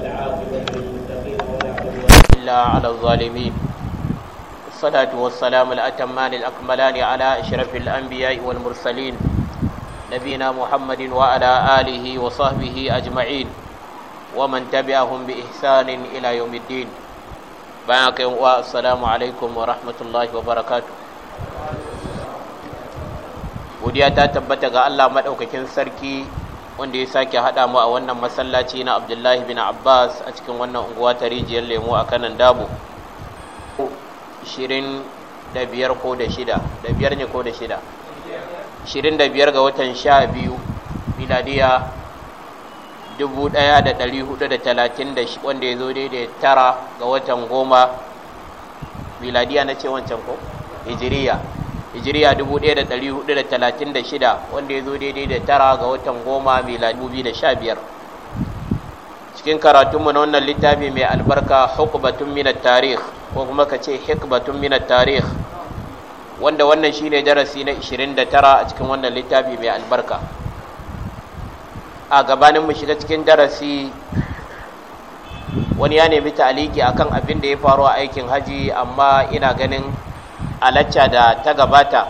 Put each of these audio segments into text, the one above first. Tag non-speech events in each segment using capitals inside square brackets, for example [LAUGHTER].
والعاقبة للمتقين ولا عدوان إلا على الظالمين والصلاة والسلام الأتمان الأكملان على أشرف الأنبياء والمرسلين نبينا محمد وعلى آله وصحبه أجمعين ومن تبعهم بإحسان إلى يوم الدين بارك السلام عليكم ورحمة الله وبركاته godiya ta tabbata ga Allah maɗaukakin sarki wanda ya sake haɗa mu a wannan masallaci na abdullahi bin abbas a cikin wannan unguwa ta rijiyar lemo a kanan dabo 25 ko da 6 da ne ko da 6 25 ga watan 12 miladiya 1430 wanda ya zo daidai tara ga watan goma miladiya na ce wancan ko hijiriya hijiriya 1436 wanda ya zo daidai da tara ga watan goma mila 2015 cikin karatunmu na wannan littafi mai albarka hukubatun minar tarih ko kuma ka ce hikubatun minar tarih wanda wannan shine darasi na 29 a cikin wannan littafi mai albarka a gabanin mu shiga cikin darasi wani ya nemi ta'aliki akan abin da ya faru a aikin haji amma ina ganin a lacca da ta gabata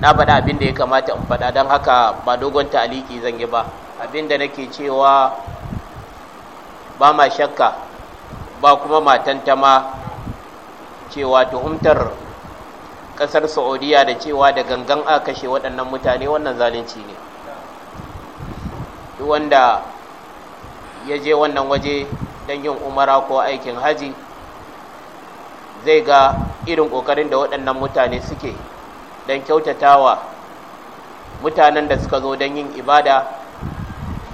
na faɗa abin da ya kamata in faɗa don haka ba dogon taliki zan yi ba abin da nake cewa ba ma shakka ba kuma matan ma cewa tuhumtar ƙasar saudiya da cewa da gangan a kashe waɗannan mutane wannan zalunci ne wanda ya je wannan waje don yin umara ko aikin haji zai ga irin ƙoƙarin da waɗannan mutane suke don kyautatawa mutanen da suka zo don yin ibada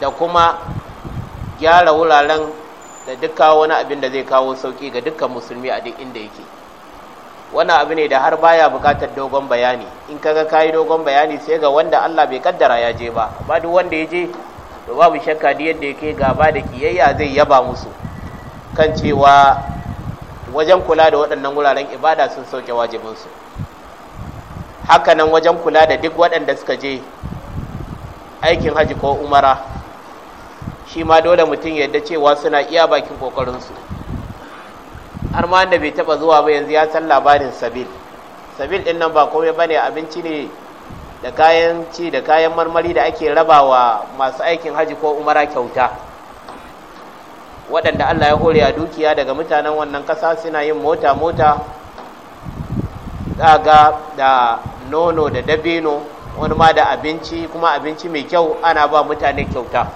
da kuma gyara wuraren da duk wani abin da zai kawo sauƙi ga dukkan musulmi a duk inda yake wannan abu ne da har baya bukatar dogon bayani in kaga kayi dogon bayani sai ga wanda Allah bai kaddara ya je ba ba duk wanda ya je babu shakka da yadda yake gaba da kiyayya zai yaba musu kan cewa wajen kula da waɗannan wuraren ibada sun sauke wajibinsu hakanan wajen kula da duk waɗanda suka je aikin hajji ko umara shi ma dole mutum yadda cewa suna iya bakin ƙoƙarinsu har ma da bai taɓa zuwa ba yanzu ya san labarin sabil sabil ɗin nan ba komai ba ne abinci ne da kayan ci da kayan marmari da ake rabawa masu aikin hajji ko umara kyauta waɗanda Allah ya hore a dukiya daga mutanen wannan ƙasa suna yin mota-mota daga da nono da dabino wani ma da abinci kuma abinci mai kyau ana ba mutane kyauta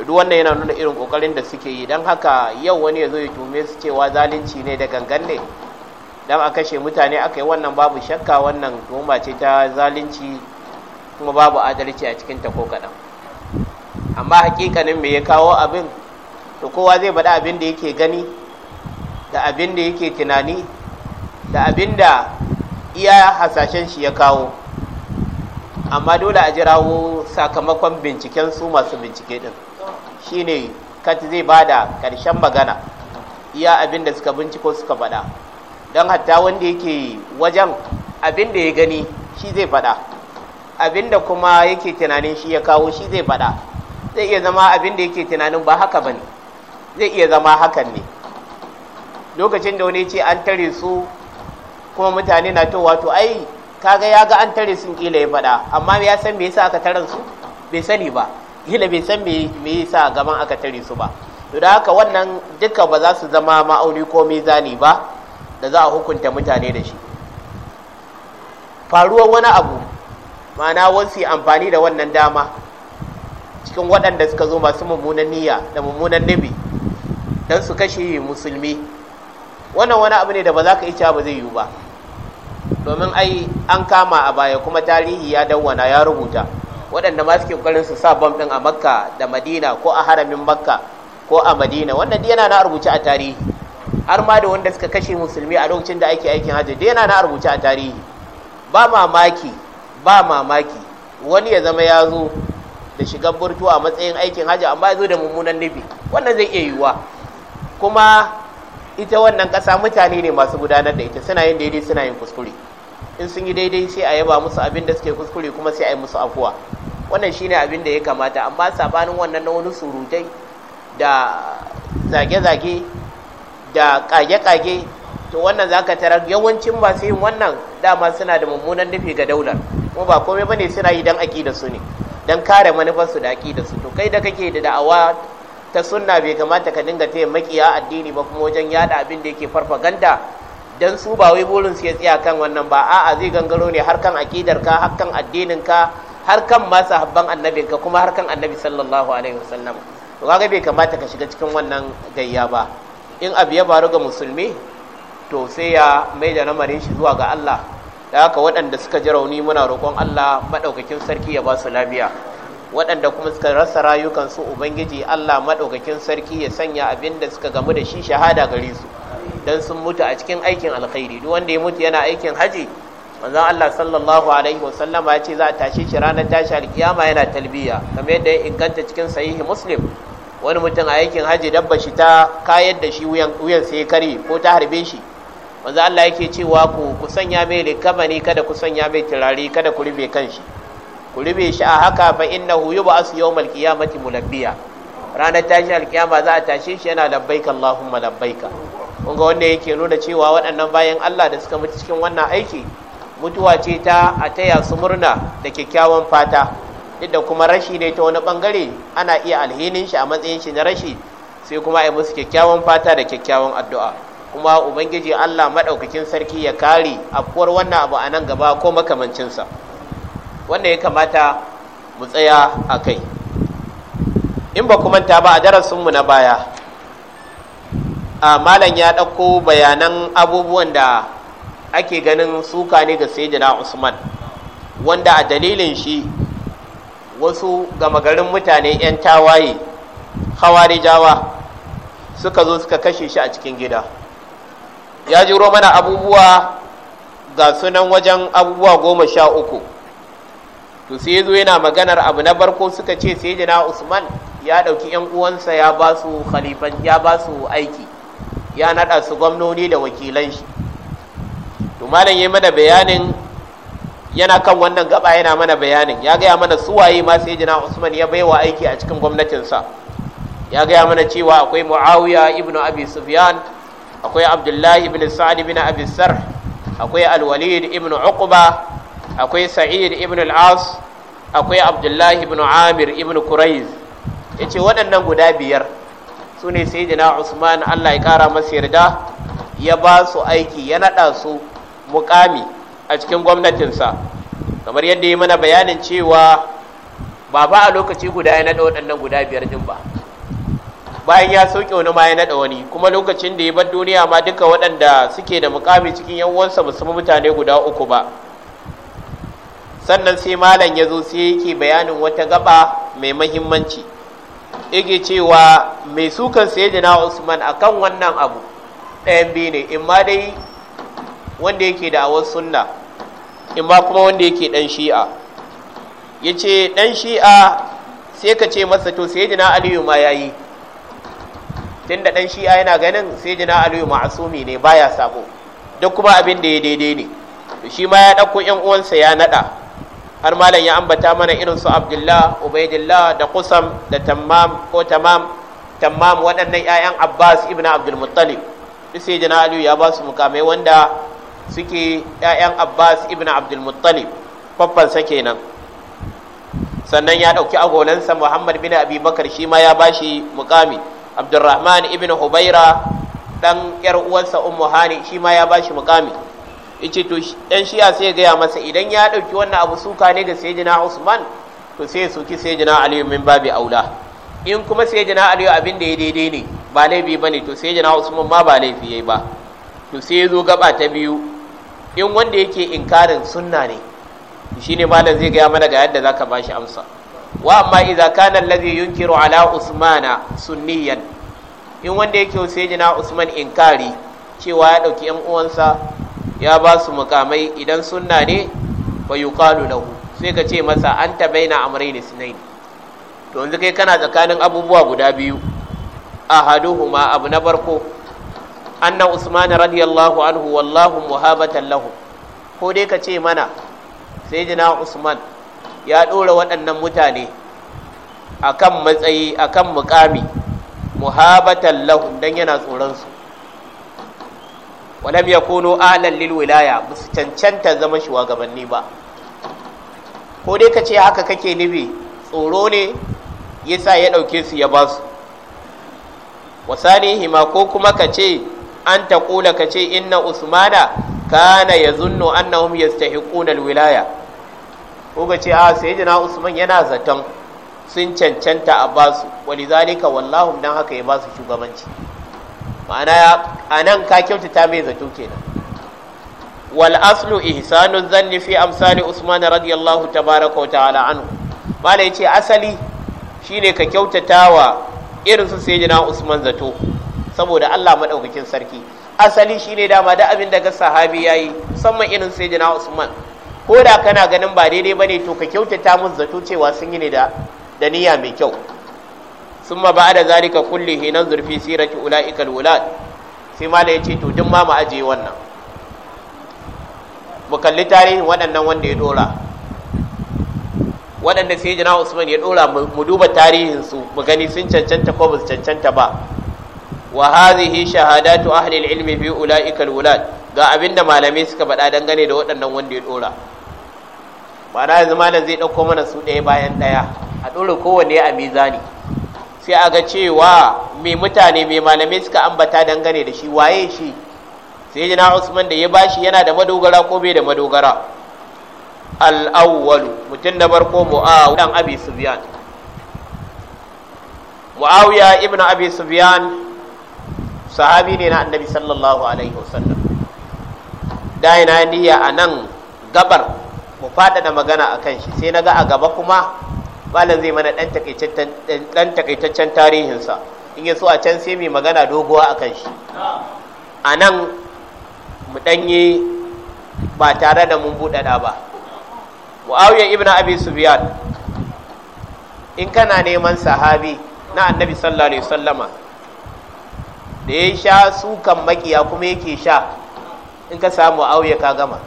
duk wannan yana nuna irin ƙoƙarin da suke yi don haka yau wani ya zo ya tume su cewa zalunci ne da gangan ne don a kashe mutane aka yi wannan babu shakka wannan tuhuma ce ta zalunci kuma babu adalci a cikin ta ko kaɗan amma hakikanin me ya kawo abin to kowa zai faɗi abin da yake gani da abin da yake tunani da abin da iya hasashen shi ya kawo amma dole a jirawo sakamakon binciken su masu bincike din shine kati zai ba da ƙarshen magana iya abin da suka binciko suka faɗa don hatta wanda yake wajen abin da ya gani shi zai faɗa abin da kuma yake tunanin shi ya kawo shi zai faɗa zai iya zama abin da yake tunanin ba haka ba ne zai iya zama hakan ne lokacin da wani ce an tare su kuma mutane na to wato ai kaga ya ga an tare sun kila ya faɗa amma ya san me yasa aka tare su bai sani ba kila bai san me me yasa gaban aka tare su ba to da haka wannan duka ba za su zama ma'auni ko mizani ba da za a hukunta mutane da shi faruwar wani abu ma'ana wasu amfani da wannan dama cikin waɗanda suka zo masu mummunan niyya da mummunan nabi don su kashe musulmi wannan wani abu ne da ba za ka yi ba zai yiwu ba domin ai an kama a baya kuma tarihi ya dawwana ya rubuta waɗanda ma suke ƙoƙarin su sa bom ɗin a makka da madina ko a haramin makka ko a madina wannan yana na rubuce a tarihi har ma da wanda suka kashe musulmi a lokacin da ake aikin hajji da yana na rubuce a tarihi ba mamaki ba mamaki wani ya zama ya zo da shigar burtuwa a matsayin aikin hajji amma ya zo da mummunan nufi wannan zai iya yiwuwa kuma ita wannan ƙasa mutane ne masu gudanar da ita suna yin daidai suna yin kuskure in sun yi daidai sai a yaba musu abin da suke kuskure kuma sai a yi musu afuwa wannan shine abin da ya kamata amma sabanin wannan na wani surutai da zage-zage da kage-kage to wannan zaka tarar yawancin masu yin wannan dama suna da mummunan nufi ga daular kuma ba komai bane suna yi dan akida su ne dan kare manufarsu da aƙidar su to kai da kake da da'awa ta sunna bai kamata ka dinga taya makiya addini ba kuma wajen yada abin da yake farfaganda dan su ba wai burin su ya tsaya kan wannan ba a'a zai gangaro ne har kan aqidar ka har kan addinin ka har kan ma sahabban annabin ka kuma har kan annabi sallallahu alaihi wasallam to kaga bai kamata ka shiga cikin wannan gayya ba in abu ya faru ga musulmi to sai ya mai da namarin shi zuwa ga Allah da haka waɗanda suka ji rauni muna roƙon Allah maɗaukakin sarki ya ba su lafiya waɗanda kuma suka rasa rayukansu ubangiji Allah maɗaukakin sarki ya sanya abin da suka gamu da shi shahada gare su don sun mutu a cikin aikin alkhairi duk wanda ya mutu yana aikin haji manzon Allah sallallahu alaihi wasallam ya ce za a tashi shi ranar tashi alkiyama yana talbiya kamar yadda ya inganta cikin sahihi muslim wani mutum a aikin haji dabba shi ta kayar da shi wuyan sai kare ko ta harbe shi manzon Allah yake cewa ku ku sanya mai ne kada ku sanya mai turare kada ku rufe kan shi ku rube shi a haka fa innahu yub'asu yawmal qiyamati mulabbiya ranar tashin alkiyama za a tashe shi yana labbaika Allahumma labbaika kun ga wanda yake nuna cewa waɗannan bayan Allah da suka mutu cikin wannan aiki mutuwa ce ta a taya su murna da kyakkyawan fata duk da kuma rashi ne ta wani bangare ana iya alhinin shi a matsayin shi na rashi sai kuma a yi musu kyakkyawan fata da kyakkyawan addu'a kuma ubangiji Allah madaukakin sarki ya kare afkuwar wannan abu a nan gaba ko makamancinsa wanda ya kamata mu tsaya a kai in ba kuma ta ba a darasinmu na baya a malam ya ɗauko bayanan abubuwan da ake ganin suka ne ga sayyidina usman wanda a dalilin shi wasu gama garin mutane 'yan tawaye jawa suka zo suka kashe shi a cikin gida ya jiro mana abubuwa ga sunan wajen abubuwa goma sha uku to sai zo yana maganar abu na barko suka ce sai jina usman ya ɗauki 'yan uwansa ya ba su khalifan ya ba su aiki ya naɗa su gwamnoni da wakilan shi to malam ya mana bayanin yana kan wannan gaba yana mana bayanin ya gaya mana su waye ma sai jina usman ya baiwa aiki a cikin gwamnatinsa ya gaya mana cewa akwai muawiya ibn abi sufyan akwai abdullahi ibn sa'ad ibn abi sarh akwai alwalid ibn uqba akwai sa'id ibn al-as akwai abdullahi ibn amir ibn quraiz yace waɗannan guda biyar su ne sayyidina usman Allah ya kara masa yarda ya ba su aiki ya naɗa su mukami a cikin gwamnatinsa kamar yadda yi mana bayanin cewa ba ba a lokaci guda ya naɗa waɗannan guda biyar din ba bayan ya sauke wani ma ya naɗa wani kuma lokacin da ya bar duniya ma duka waɗanda suke da mukami cikin yan uwansa ba mutane guda uku ba sannan sai malam ya zo sai yake bayanin wata gaba mai mahimmanci yake cewa mai sukan sayyidina usman akan wannan abu ɗayan biyu ne in ma dai wanda yake da awar sunna in ma kuma wanda yake ɗan shi'a ya ce ɗan shi'a sai ka ce masa to sayyidina aliyu ma ya yi tun da ɗan shi'a yana ganin sayyidina aliyu ma'asumi ne baya sabo duk kuma abin da ya daidai ne shi ma ya ɗauko 'yan uwansa ya naɗa har malam ya ambata mana irin su abdullah ubaidillah da kusam da tamam ko tamam tamam waɗannan 'ya'yan abbas ibn abdul muttalib duk sai jana aliyu ya ba su mukamai wanda suke 'ya'yan abbas ibn abdul muttalib faffansa kenan sannan ya ɗauki agolansa muhammad bin abi bakar shi ma ya ba shi mukami abdulrahman ibn hubaira ɗan 'yar uwansa ummu hani shi ma ya ba shi mukami yace to ɗan shiya sai gaya masa idan ya ɗauki wannan abu suka ne ga sayyidina Usman to sai ya soki sayyidina Ali min babi aula in kuma sayyidina Ali abin da ya daidai ne ba laifi bane to sayyidina Usman ma ba laifi yayi ba to sai ya zo gaba ta biyu in wanda yake inkarin sunna ne shine malam zai gaya mana ga yadda zaka bashi amsa wa amma idza kana allazi yunkiru ala usmana sunniyan in wanda yake sayyidina Usman inkari cewa ya dauki yan uwansa ya ba su mukamai idan sunna ne wa da lahu sai ka ce masa an amurai ne sinai ne to yanzu kai kana tsakanin abubuwa guda biyu ahaduhuma abu na barko anna usman radiyallahu anhu wallahu muhabbatan lahu ko dai ka ce mana sai jina usman ya ɗora waɗannan mutane A kan matsayi a kan mukami muhabatan lahu dan yana tsoronsu walam yakunu alal lil wilaya ba su cancanta zama shugabanni ba ko dai ka ce haka kake nufi tsoro ne yasa ya ɗauke su ya ba su wasanihima ko kuma ka ce an ta kula ka ce inna usmana kana ya zunno annahum yastahiquna wilaya? ko ka a sayyidina usman yana zaton sun cancanta a basu walizalika wallahu dan haka ya basu shugabanci ma'ana a nan ka kyautata mai zato kenan wal aslu ihsanun zanni fi amsali usman radiyallahu baraka wata ta'ala anhu ya ce asali shine ka kyautata wa irin su jina usman zato saboda Allah maɗaukakin sarki asali shine dama da abin da ga sahabi yayi musamman irin sai jina usman ko da kana ganin ba daidai bane to ka kyautata mun zato cewa sun yi ne da da niyya mai kyau Sun summa ba'da zalika kullihi nanzur fi sirati ulaika wulad sai mala yace to duk ma mu aje wannan mu kalli tarihin waɗannan wanda ya dora waɗanda sai jina usman ya dora mu duba tarihin su mu gani sun cancanta ko ba su cancanta ba wa hadhihi shahadatu ahli ilmi fi ulaika wulad ga abinda malamai suka faɗa dangane da waɗannan wanda ya dora ma'ana yanzu malam zai ɗauko mana su ɗaya bayan ɗaya a ɗora kowanne a mizani sai a ga cewa mai mutane mai malamai suka ambata dangane da shi waye shi sai jina usman da ya ba shi yana da madogara ko bai da madogara al'awwalu mutum na barko mu'awu dan abi sufyan mu'awiya abi sahabi ne na annabi sallallahu alaihi wasallam da yana niyya a nan gabar mu da magana a kan shi sai na ga a gaba kuma malam zai mana ɗan takaitaccen tarihinsa in yaso a can sai mai magana doguwa a kan shi a nan mu danye ba tare da mun buɗaɗa ba auya ibn abi sufiyan in kana neman sahabi na annabi sallallahu alaihi wasallama da ya sha sukan makiya kuma yake sha in ka samu auya ka gama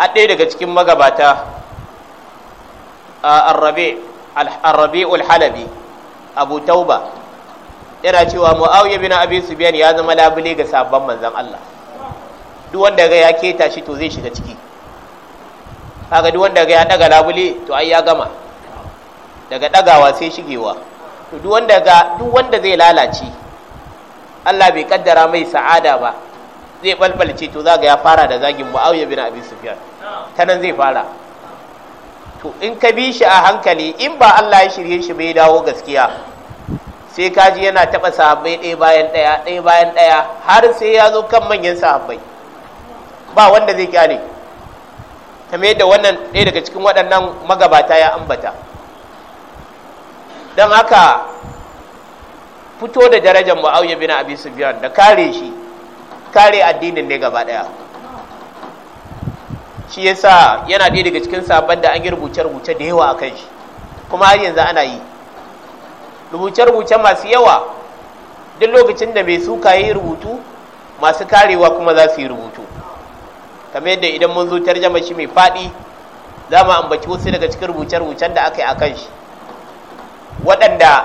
Haɗe daga cikin magabata al halabi abu tauba yana cewa mu'awiya bin abi sufyan ya zama labule ga sabon manzon Allah duk wanda ga ya keta shi to zai shiga ciki kaga duk wanda ga ya daga labule to ai ya gama daga dagawa sai shigewa to duk wanda ga duk wanda zai lalace Allah bai kaddara mai sa'ada ba zai balbalce to zaga ya fara da zagin mu'awiya bin abi sufyan ta nan zai fara to in ka bi shi a hankali in ba Allah ya shirye shi bai dawo gaskiya sai ka ji yana taɓa sahabbai ɗaya bayan ɗaya ɗaya bayan ɗaya har sai ya zo kan manyan sahabbai ba wanda zai kyale kame da wannan ɗaya daga cikin waɗannan magabata ya ambata don haka fito da darajar mu'awiya bin abi sufyan da kare shi kare addinin ne gaba ɗaya shi yasa yana ɗaya daga cikin sabon da an yi rubuce-rubuce da yawa a kan shi kuma har yanzu ana yi rubuce-rubuce masu yawa duk lokacin da mai suka yi rubutu masu karewa kuma za su yi rubutu kamar yadda idan mun zo tarjama shi mai faɗi za mu ambaci wasu daga cikin rubuce-rubucen da aka yi a kan shi waɗanda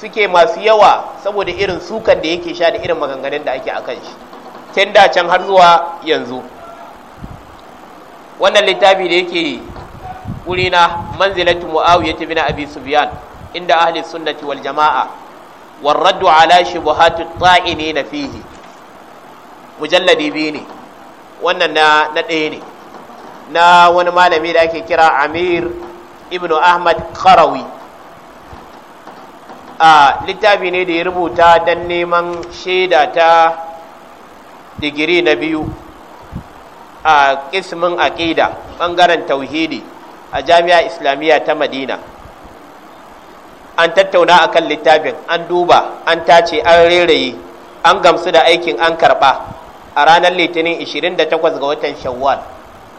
suke masu yawa saboda irin sukan da yake sha da irin maganganun da ake a kan shi tun da can har zuwa yanzu wannan littafi da yake wurina manzilatu muawiyah bin abi sufyan inda ahli sunnati wal jamaa war raddu ala shubuhati ta'inina fihi mujalladi biyu ne wannan na na ɗaya ne na wani malami da ake kira Amir ibn Ahmad Karawi a littafi ne da ya rubuta don neman shaida ta digiri na biyu a kismin aƙida ɓangaren tauhidi a jami'a islamiyya ta madina an tattauna akan littafin an duba an tace an rereyi an gamsu da aikin an karɓa a ranar litinin 28 ga watan shawwal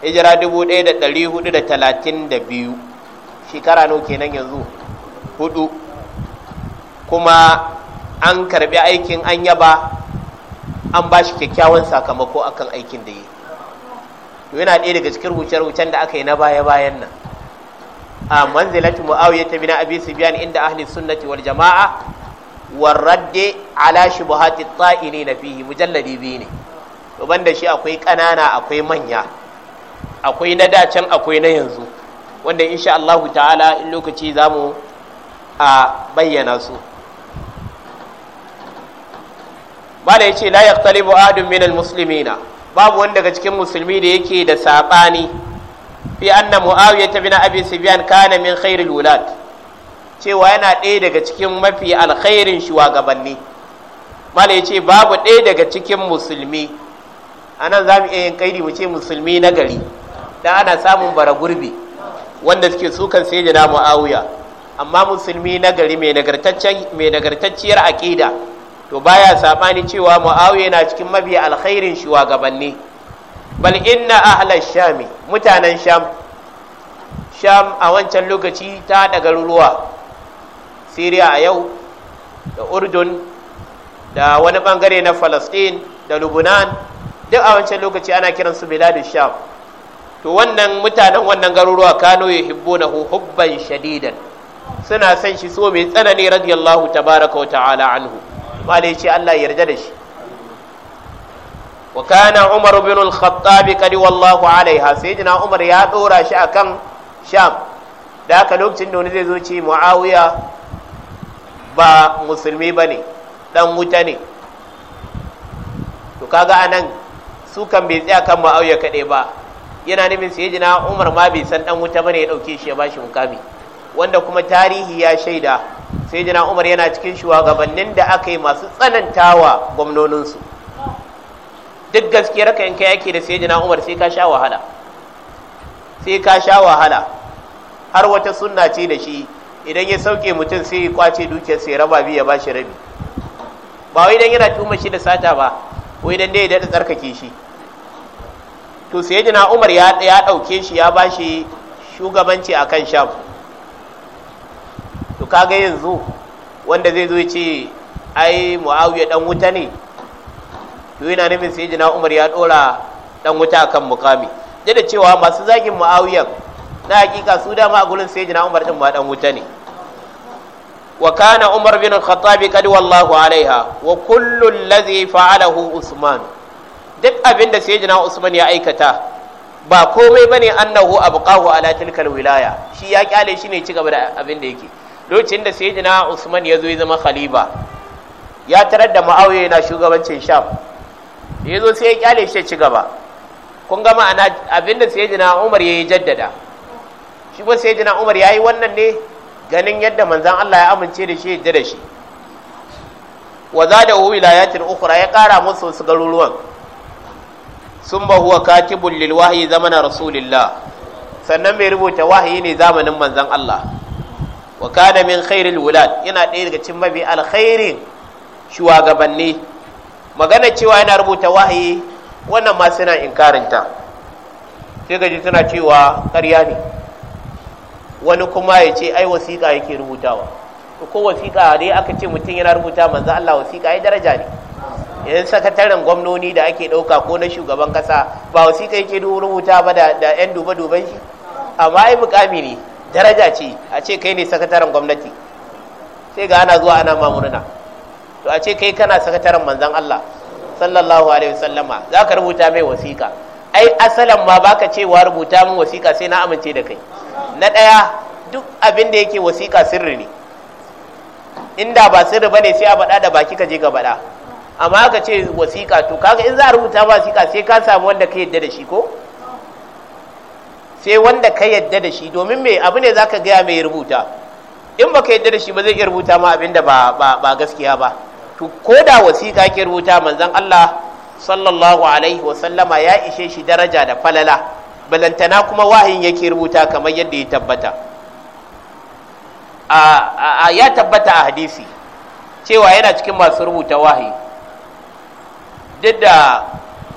hijira 1432 shekara nau kenan yanzu hudu kuma an karɓi aikin an yaba an ba shi kyakkyawan sakamako akan aikin da yi to yana ɗaya daga cikin rubuce-rubucen da aka yi na baya-bayan nan a manzilatu muawiya ta abin su sufyan inda ahli sunnati wal jama'a war radde ala shubuhati ta'ini na fihi mujalladi biyu ne to da shi akwai ƙanana akwai manya akwai na dacen akwai na yanzu wanda insha Allah ta'ala in lokaci zamu a bayyana su bala ce la yaqtalibu adun min al-muslimina babu wanda daga cikin musulmi da yake da sabani fi anna muawiya ta bin abi sufyan kana min khairil wulad cewa yana ɗaya daga cikin mafi alkhairin shugabanni mala yace babu ɗaya daga cikin musulmi anan zamu iya yin kaidi mu ce musulmi na gari dan ana samun bara gurbi wanda suke sukan sai sayyidina muawiya amma musulmi na gari mai nagartacciyar aƙida. to baya sabani cewa muawiya yana cikin mafi alkhairin shugabanni bal inna ahla shami mutanen sham sham a wancan lokaci ta daga garuruwa siriya a yau da urdun da wani bangare na falastin da lubunan duk a wancan lokaci ana kiran su biladun sham to wannan mutanen wannan garuruwa kano ya hibbo na hubban shadidan suna son shi so mai tsanani radiyallahu tabaraka wa ta'ala anhu malai ce Allah yarda da shi wa Umar bin al-Khattab kadi wallahu alaiha sayyidina Umar ya dora shi akan Sham da lokacin da wani zai zo ce Muawiya ba musulmi bane dan wuta ne to kaga anan su kan bai tsaya kan Muawiya kaɗai ba yana nufin sayyidina Umar ma bai san dan wuta bane ya ɗauke shi ya bashi mukami wanda kuma tarihi ya shaida sai jina umar yana cikin shugabannin da aka yi masu tsanantawa gwamnoninsu duk gaskiyar ka yanka yake da sai jina umar sai ka sha wahala sai ka sha wahala har wata sunna ce da shi idan ya sauke mutum sai ya kwace dukiyar sai raba biya ba shi rabi ba wai idan yana tuma shi da sata ba wai idan dai ya tsarkake shi to sai jina umar ya ɗauke shi ya ba shi shugabanci a kan sham to kaga yanzu wanda zai zo ce ai muawiya dan wuta ne to yana nufin sai jina umar ya dora dan wuta kan mukami da cewa masu zagin muawiya na hakika su dama a gurin sai jina umar din ba dan wuta ne wa kana umar bin al-khattab kad wallahu alaiha wa kullu allazi fa'alahu usman duk abin da sayyidina usman ya aikata ba komai bane annahu abqahu ala tilkal wilaya shi ya kyale shi ne ci gaba da abin da yake lokacin da jina usman ya zo ya zama khalifa ya tarar da ma'auye na shugabancin sham da ya zo sai ya kyale shi ci gaba kun ga ma'ana abinda jina umar ya yi jaddada shi ba jina umar ya yi wannan ne ganin yadda manzan Allah ya amince da shi ya da shi wa za da hu layatin ukura, ya kara musu wasu garuruwan sun ba huwa katibun lil wahyi zamanin rasulillah sannan mai rubuta wahayi ne zamanin manzan Allah wa kana min khairil wulad yana ɗaya daga cikin mabi alkhairin shugabanni magana cewa yana rubuta wahayi wannan ma suna inkarinta sai gaji suna cewa ƙarya ne wani kuma ya ce ai wasiƙa yake rubutawa ko wasiƙa dai aka ce mutum yana rubuta manzo Allah wasiƙa ai daraja ne yan sakataren gwamnoni da ake ɗauka ko na shugaban ƙasa ba wasiƙa yake rubuta ba da 'yan duba-duban shi amma ai mukami ne daraja ce a ce kai ne sakataren gwamnati sai ga ana zuwa ana mamurna to a ce kai kana sakataren manzan Allah sallallahu alaihi wasallama za ka rubuta mai wasiƙa ai asalan ma baka cewa rubuta min wasiƙa sai na amince da kai na ɗaya duk abin da yake wasiƙa sirri ne inda ba sirri bane sai a faɗa da baki ka je ka faɗa amma aka ce wasiƙa to kaga in za a rubuta wasiƙa sai ka samu wanda ka yadda da shi ko sai wanda ka yadda da shi domin me abu ne zaka gaya mai rubuta in baka yadda da shi ba zai iya rubuta ma abin da ba gaskiya ba to ko da wasiƙa ke rubuta manzon Allah sallallahu alaihi wa sallama ya ishe shi daraja da falala balantana kuma wahayin yake rubuta kamar yadda ya tabbata a ya tabbata a hadisi cewa yana cikin masu rubuta wahayi duk da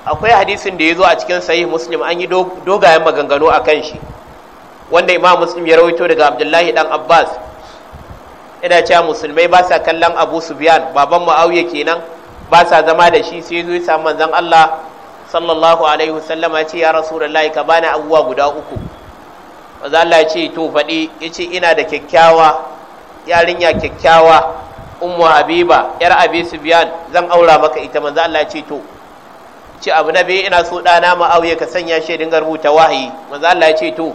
akwai hadisin da ya zo a cikin sahih muslim an yi dogayen maganganu a kan shi wanda imam muslim ya rawaito daga abdullahi dan abbas ina cewa musulmai ba sa kallon abu subyan baban muawiya kenan ba sa zama da shi sai zo ya manzan allah sallallahu alaihi wasallama Ya ce ya rasulullahi ka bani abubuwa guda uku maza allah ya ce to faɗi ya ce ina da kyakkyawa yarinya kyakkyawa ummu habiba yar abi subiyan zan aura maka ita manzo allah ya ce to ce abu na biyu ina so ɗana ma'auye ka sanya shi dinga rubuta wahayi manzo Allah ya ce to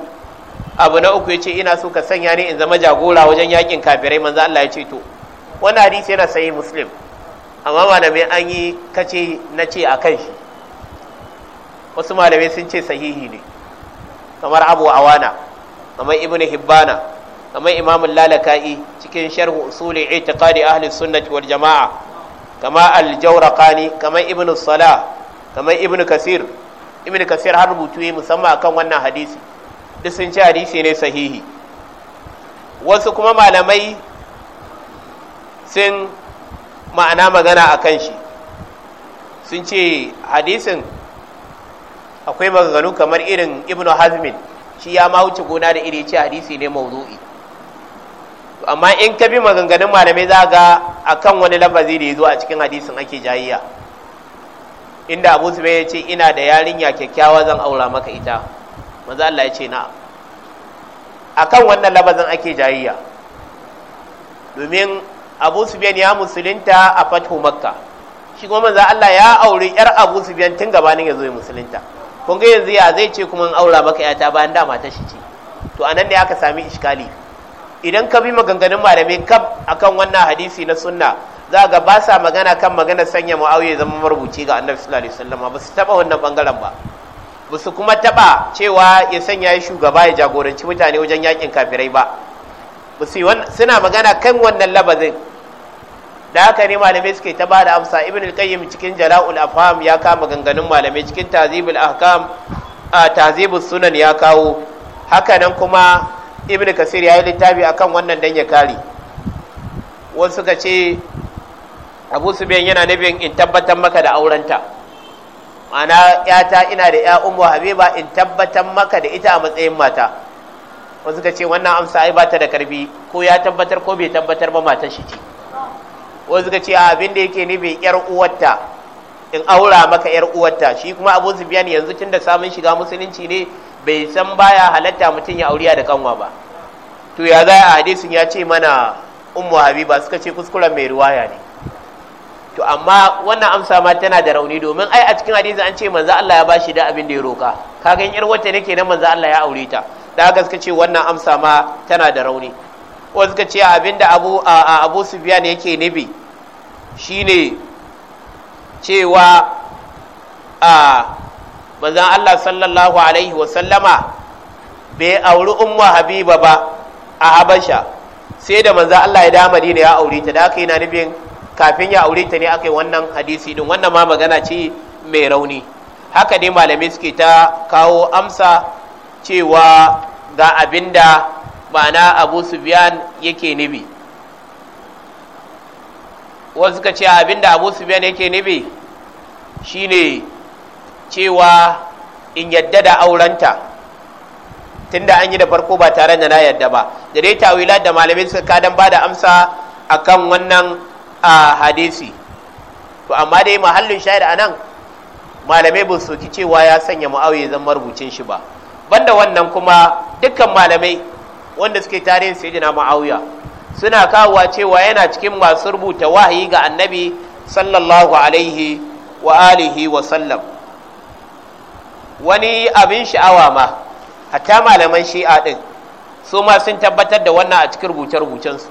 abu na uku ya ce ina so ka sanya ni in zama jagora wajen yakin kafirai manzo Allah ya ce to wannan hadisi yana sahih muslim amma malamai an yi kace na ce a kan shi wasu malamai sun ce sahihi ne kamar abu awana kamar ibn hibbana kamar imam lalaka'i cikin sharhu usuli itiqadi ahli sunnati wal jama'a kamar al-jawraqani kamar ibn salah kamar ibnu kasir ibnu kasir har rubutu yi musamman akan wannan hadisi duk sun ce hadisi ne sahihi wasu kuma malamai sun ma'ana magana a kan shi sun ce hadisin akwai maganganu kamar irin ibnu hazmin shi ya ma wuce gona da iri ce hadisi ne mawzu'i amma in ka bi maganganun malamai za ga akan wani lafazi da ya zo a cikin hadisin ake jayayya inda abu zubai ya ce ina da yarinya kyakkyawa zan aura maka ita manzo Allah ya ce na akan wannan labazin ake jayayya domin abu zubai ya musulunta a fatihu makka shi kuma manzo Allah ya aure yar abu zubai tun gabanin ya zo ya musulunta kun ga yanzu ya zai ce kuma in aura maka yata bayan da ta shi ce to anan ne aka sami iskali idan ka bi maganganun malamai kab akan wannan hadisi na sunna za ga ba sa magana kan magana sanya muawiya zama marubuci ga annabi sallallahu alaihi wasallam ba su taba wannan bangaren ba ba su kuma taba cewa ya sanya ya shugaba ya jagoranci mutane wajen yakin kafirai ba ba su suna magana kan wannan labazin da haka ne malamai suke ta ba da amsa ibn al-qayyim cikin jala'ul afham ya kama maganganun malamai cikin tazibul ahkam tazibus sunan ya kawo haka nan kuma ibn kasir ya yi littafi akan wannan dan ya kare wasu ka ce abu sufiyan yana nufin in tabbatar maka da aurenta ma'ana yata ina da ya umu habiba in tabbatar maka da ita a matsayin mata wasu ka ce wannan amsa ai bata da karbi ko ya tabbatar ko bai tabbatar ba matar shi ce wasu ka ce a abin da yake nufin yar uwarta in aura maka yar uwarta shi kuma abu sufiyan yanzu tun da samun shiga musulunci ne bai san baya halatta mutum ya auriya da kanwa ba to ya za a hadisin ya ce mana ummu habiba suka ce kuskuren mai ruwaya ne to amma wannan amsa ma tana da rauni domin ai a cikin hadisi an ce manzo Allah ya bashi da abin da ya roka kaga in yar wata nake na manzo Allah ya aure ta da gaske ce wannan amsa ma tana da rauni ko suka ce abinda Abu Abu Sufyan yake nabi shine cewa a manzo Allah sallallahu alaihi wa sallama bai auri ummu habiba ba a habasha sai da manzo Allah ya da Madina ya aure ta da haka na nufin kafin ya aure ta ne aka yi wannan hadisi din wannan ma magana ce mai rauni haka dai malamai suke ta kawo amsa cewa ga abinda ma'ana abu sufiyan yake nibi wasu suka ce abinda abu sufiyan yake shi shine cewa in yadda da aurenta da an yi da farko ba tare da na yadda ba da dai tawila da malamai suka kadan ba da amsa akan wannan a hadisi to amma dai mahallin shahid anan malamai ba su cewa ya sanya mu'awiya zan marubucin shi ba banda wannan kuma dukkan malamai wanda suke tarihin sayyidina mu'awiya suna kawowa cewa yana cikin masu rubuta wahayi ga annabi sallallahu alaihi wa alihi wa sallam wani abin sha'awa ma hatta malaman shi'a din su ma sun tabbatar da wannan a cikin rubuce-rubucensu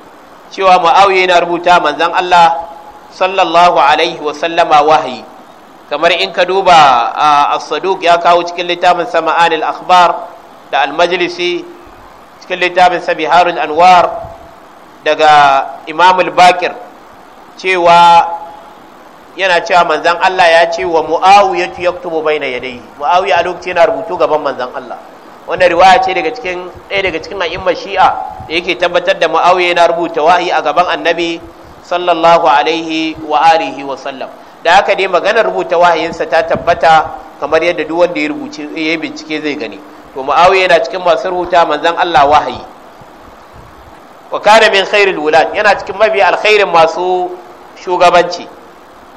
cewa mu'awiya yana rubuta manzan Allah sallallahu alaihi wa sallama wahayi kamar in ka duba a Saduk ya kawo cikin littafin sama'anil akhbar da al-majlisi cikin littafin sabiharul anwar daga imam al-bakir cewa yana cewa manzan Allah ya ce wa mu'awiyatu yaktubu baina yadayhi mu'awiya a lokacin yana rubutu gaban manzan Allah wannan riwaya ce daga cikin ɗaya daga cikin a'immar shi'a da yake tabbatar da ma'auye na rubuta wahi a gaban annabi sallallahu alaihi wa alihi wa sallam da haka dai magana rubuta wahayinsa ta tabbata kamar yadda duk wanda ya rubuce ya bincike zai gani to ma'auye yana cikin masu rubuta manzan Allah wahayi wa kana min khairil wulad yana cikin mabi alkhairin masu shugabanci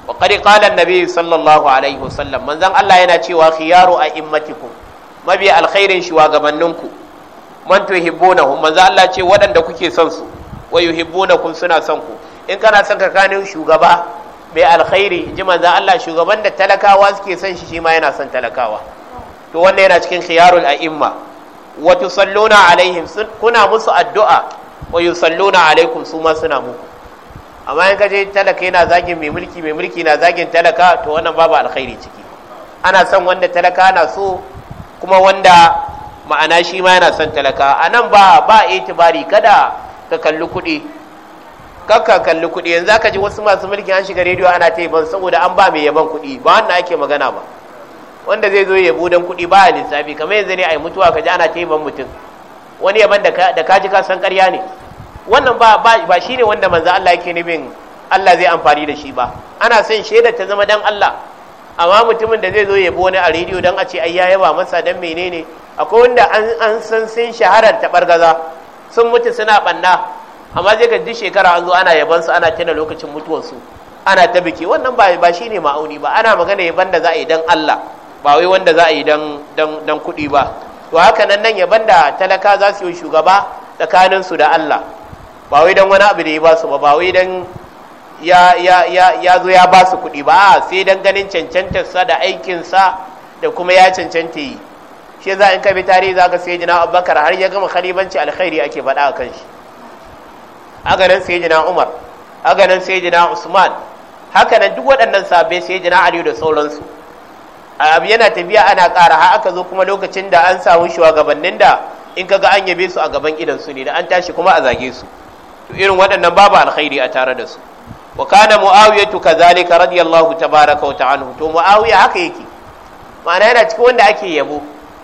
wa qad qala annabi sallallahu alaihi wa sallam manzan Allah yana cewa khiyaru a'immatikum mabi alkhairin shugabanninku man tuhibbunahum manzo Allah ce waɗanda kuke son su wa yuhibbunakum suna son ku in kana son kakanin shugaba mai alkhairi ji manzo Allah shugaban da talakawa suke son shi shi ma yana son talakawa to wannan yana cikin khiyarul a'imma wa tusalluna alaihim kuna musu addu'a wa yusalluna alaikum su ma suna muku amma in kaje talaka yana zagin mai mulki mai mulki na zagin talaka to wannan babu alkhairi ciki ana son wanda talaka na so kuma wanda ma'ana shi ma yana son talaka a nan ba ba itibari kada ka kalli kuɗi kakka kalli kuɗi yanzu aka ji wasu masu mulki an shiga rediyo ana ta yaban saboda an ba mai yaban kuɗi ba wannan ake magana ba wanda zai zo ya yabo dan kuɗi ba a lissafi kamar yanzu ne a yi mutuwa ka ji ana ta yaban mutum wani yaban da ka ji ka san ƙarya ne wannan ba shi ne wanda manzo Allah yake nufin Allah zai amfani da shi ba ana son shaidar ta zama dan Allah amma mutumin da zai zo yabo wani a rediyo don a ce ai ya yaba masa don menene akwai wanda an san sun shaharar gaza sun mutu suna banna amma zai duk shekara an zo ana yaban su ana tana lokacin mutuwarsu ana ta biki wannan ba ba shine ma'auni ba ana magana yaban da za a yi dan Allah ba wai wanda za a yi dan dan dan kuɗi ba to haka nan nan yaban da talaka za su yi shugaba tsakanin su da Allah ba wai dan wani abu da ya ba su ba ba wai dan ya ya ya ya zo ya ba su kuɗi ba sai dan ganin cancantarsa da aikinsa da kuma ya cancanta yi shi za in ka bi tarihi za ka sai jina abubakar har ya gama khalibanci alkhairi ake faɗa a kan shi haka nan sai jina umar haka nan sai jina usman haka nan duk waɗannan sabe sai jina aliyu da sauransu abu yana tafiya ana ƙara har aka zo kuma lokacin da an samu shugabannin da in ka ga an yabe su a gaban idan su ne da an tashi kuma a zage su to irin waɗannan babu alkhairi a tare da su wa kana muawiyatu kadhalika radiyallahu tabaaraka wa ta'ala to muawiya haka yake ma'ana yana cikin wanda ake yabo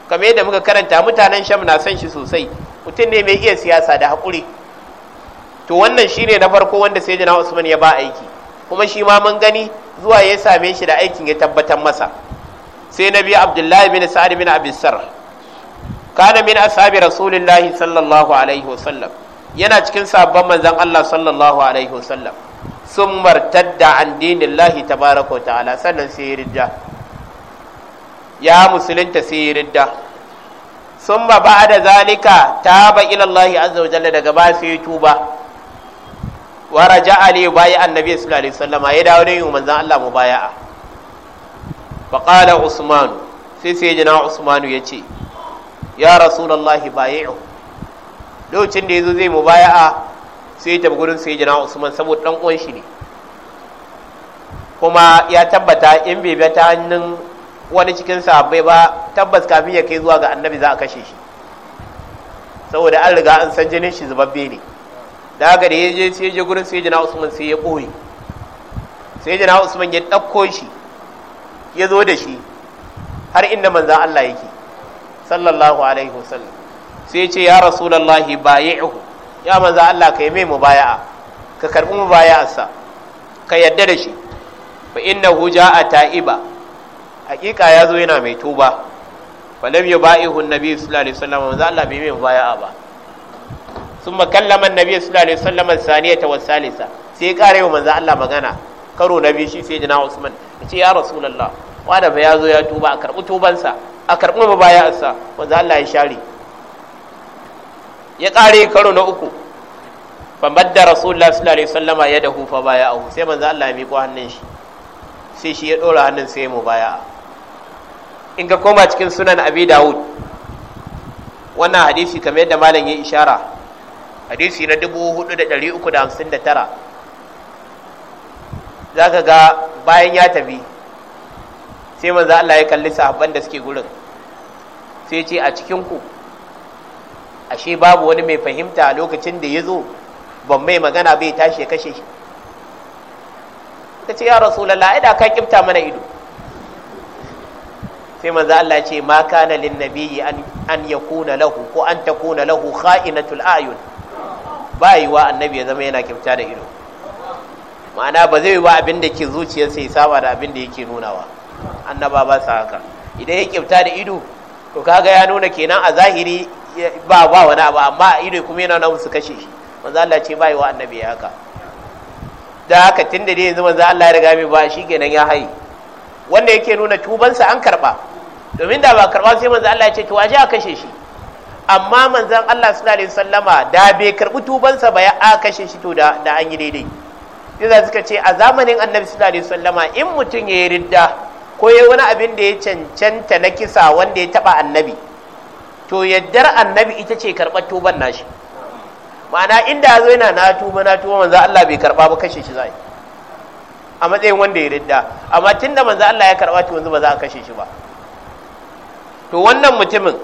kamar yadda muka karanta mutanen sham na san shi sosai mutum ne mai iya siyasa da hakuri to wannan shine na farko wanda sai usman ya ba aiki kuma shi ma mun gani zuwa ya same shi da aikin ya tabbatar masa sai na biyu abdullahi bin sa'ad bin abisar kana min ashabi rasulillahi sallallahu alaihi wasallam yana cikin sabon manzon Allah sallallahu alaihi wasallam sun martadda an dinin lahi tabaraka ta'ala sannan sai yi ridda ya musulunta sai yi ridda sun ba ba da zalika ta ba ilallahi azza wa jalla daga ba sai tuba wa raja'a ne bayi annabi sallallahu alaihi wasallam ya dawo ne yi manzon Allah mu baya'a fa qala usman sai sai jina usman ya ce ya rasulullahi bayi'u lokacin da yazo zai mu baya'a sai ya tafi gurin sai jina usman saboda dan uwan shi ne kuma ya tabbata in bai ta hannun wani cikin sahabbai ba tabbas kafin ya kai zuwa ga annabi za a kashe shi saboda an riga an san jinin shi zubabbe ne da haka da ya je sai je gurin sai jina usman sai ya ɓoye sai jina usman ya ɗauko shi ya zo da shi har inda manzan Allah yake sallallahu alaihi wasallam sai ya ce ya rasulallahi bayi'uhu ya manzo Allah ka yi mai mubaya'a ka karbi mubaya'arsa ka yadda da shi fa innahu ja'a ta'iba hakika ya zo yana mai tuba falam yubaihu annabi sallallahu alaihi wasallam manzo Allah bai mai mubaya'a ba ثم كلم النبي صلى الله عليه وسلم wa Salisa, sai kare wa manzo Allah magana karo na biyu shi sai jina Usman ce ya Rasulullah wanda ya zo ya tuba a karbi tubansa a karbi mabaya'arsa manzo Allah ya share ya ƙare karo na uku da rasulullah sallallahu alaihi wasallama ya dahu fa baya ahu sai manzo Allah ya miƙo hannun shi sai shi ya ɗora hannun sai mu baya in ka koma cikin sunan abi dawud wannan hadisi kamar yadda malam ya ishara hadisi na 4359 za ka ga bayan ya tafi sai manzo Allah ya kalli sahabban da suke gurin sai ce a cikin ku ashe babu wani mai fahimta a lokacin da ya zo ban mai magana bai tashi ya kashe shi ka ce ya rasulallah da ka kifta mana ido sai manzo Allah ce ma kana lin nabiyyi an yakuna lahu ko an takuna lahu kha'inatul ayun bai wa annabi ya zama yana kifta da ido ma'ana ba zai ba abin da ke zuciyarsa ya saba da abin da yake nunawa annaba ba sa haka idan ya kifta da ido to kaga ya nuna kenan a zahiri ba ba wani abu amma ido kuma yana nan su kashe shi manzo Allah ce bai wa annabi haka da haka tunda dai yanzu manzo Allah ya riga mai ba shi kenan ya hayi wanda yake nuna tubansa an karba domin da ba karba sai manzo Allah ya ce to waje a kashe shi amma manzon Allah sallallahu alaihi wasallama da bai karbi tubansa ba ya a kashe shi to da da an yi daidai sai suka ce a zamanin annabi sallallahu alaihi wasallama in mutum ya yi ridda ko ya wani abin da ya cancanta na kisa wanda ya taba annabi to yaddar annabi ita ce karɓar tuban nashi ma'ana inda ya zo yana na tuba na tuba manzo Allah bai karɓa ba kashe shi zai a matsayin wanda ya ridda amma tunda manzo Allah ya karɓa to yanzu ba za a kashe shi ba to wannan mutumin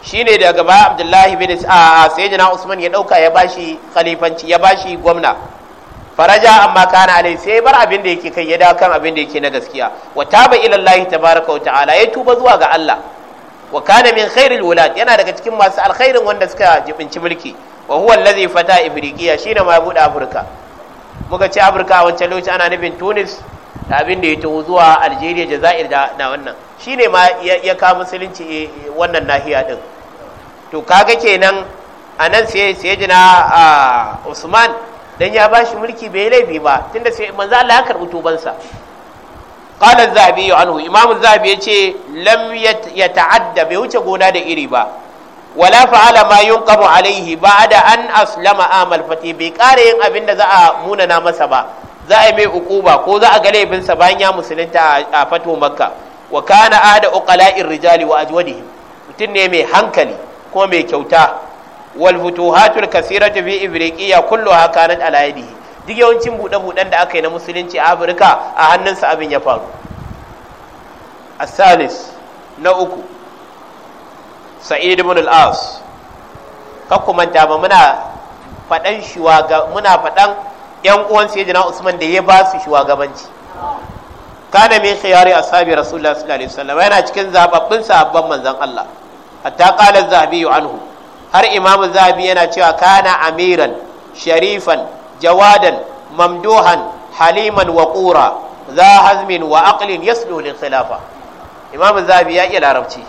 shine daga baya Abdullahi bin jina Usman ya dauka ya bashi khalifanci ya bashi gwamna faraja amma kana alai sai bar abin da yake kai ya dawo kan abin da yake na gaskiya wa taba ila Allah tabaraka wa ta'ala ya tuba zuwa ga Allah wa kana min khairil wulad yana daga cikin masu alkhairin wanda suka jibinci mulki wa huwa allazi fata ibriqiya shine ma buɗe Afirka muka ce Afirka a wancan lokaci ana nufin Tunis da abin da ya taho zuwa Algeria Jazair da na wannan shine ma ya ka musulunci eh, eh, wannan nahiya din to kaga kenan anan sai sai jina ah, Usman dan ya ba shi mulki bai laifi ba tunda sai manzo Allah ya karbi tubansa qala az-zahabi anhu imam az-zahabi yace lam yata'adda bai wuce gona da iri ba wala fa'ala ma yunqabu alaihi ba'da an aslama amal fati bai kare yin abin da za a munana masa ba za a yi mai ukuba ko za a ga sa bayan ya musulunta a fato makka wa kana ahda uqala'ir rijali wa ajwadihim mutum ne mai hankali ko mai kyauta wal futuhatul kasiratu bi ibriqiya kulluha kanat ala yadihi duk yawancin bude buden da aka yi na musulunci a Afirka a hannunsa abin ya faru asalis na uku sa'id ibn al-as ka kumanta ba muna faɗan shuwaga muna faɗan yan uwan sayyidina Usman da ya ba su shugabanci kana min khiyari ashabi rasulullah sallallahu alaihi wasallam yana cikin zababbin sahabban manzon Allah hatta qala az-zahabi anhu har imamu Zabi yana cewa kana amiran sharifan jawadan mamduhan haliman wa ƙura za hazmin wa aqlin yaslu lil khilafa imamu Zabi ya iya larabci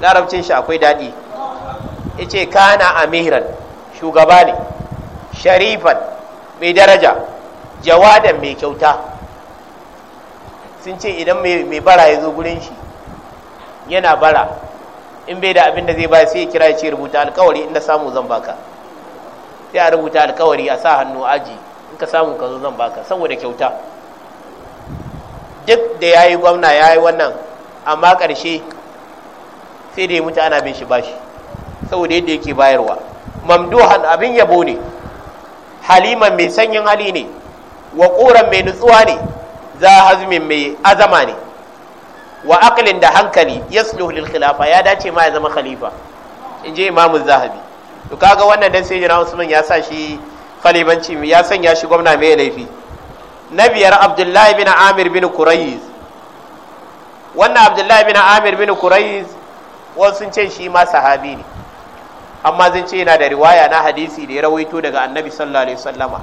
larabcin shi akwai dadi yace kana amiran shugaba ne sharifan mai daraja jawadan mai kyauta sun ce idan mai bara ya zo gurin shi yana bara in bai da abin da zai ba sai ya kira ya ce rubuta alkawari inda samu zan baka sai a rubuta alkawari a sa hannu aji in ka samu ka zo zan baka saboda kyauta duk da ya yi gwamna ya yi wannan amma ƙarshe sai da ya mutu ana bin shi bashi saboda yadda yake bayarwa mamduhan abin yabo ne haliman mai sanyin hali ne wa mai nutsuwa ne za hazmin mai azama ne wa aqlin da hankali yasluhu lil khilafa ya dace ma ya zama khalifa in je imamu zahabi to kaga wannan dan sai jira usman ya sa shi khalifanci ya sanya shi gwamna mai laifi Nabiyar abdullahi bin amir bin qurayz wannan abdullahi bin amir bin qurayz wasu sun ce shi ma sahabi ne amma zan ce yana da riwaya na hadisi da ya rawaito daga annabi sallallahu alaihi wasallama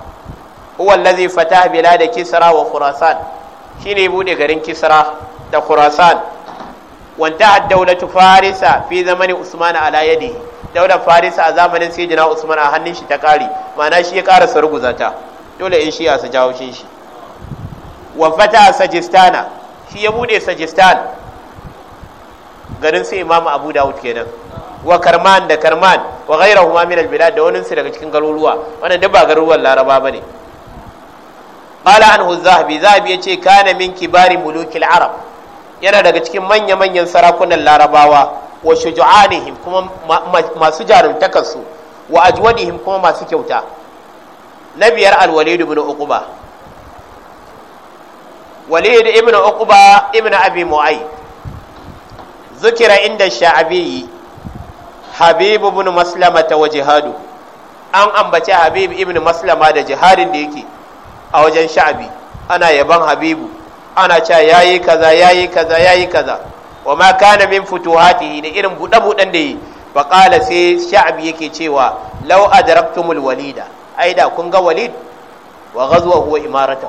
huwa allazi fataha bilada kisra wa khurasan shine bude garin kisra da khurasan wanta daulatu farisa fi zamanin usman ala yadihi daular farisa a zamanin sayyidina usman a hannun shi ta kare ma'ana shi ya ƙara sarguza ta dole in shi sa jawo shi shi wa fata sajistana shi ya bude sajistan garin sai imamu abu dawud kenan wa karman da karman wa ghairahuma min albilad da wani su daga cikin garuruwa wannan duk ba garuruwan laraba bane qala anhu zahabi zahabi ce kana min kibari mulukil arab yana daga cikin manya-manyan sarakunan larabawa wa shuju'anihim kuma masu jarumtakarsu wa ajwadihim kuma masu kyauta na biyar alwalid ibn uquba walid ibn uquba ibn abi mu'ay zukira inda sha'abi habib ibn maslama ta wa jihadu an ambace habib ibn maslama da jihadin da yake a wajen sha'abi ana yaban habibu ana cewa yayi kaza yayi kaza yayi kaza wa ma kana min futuhatihi da irin buɗe buɗen da yi fa qala sai sha'bi yake cewa law adraktumul walida ai da kun ga walid wa ghazwa huwa imarata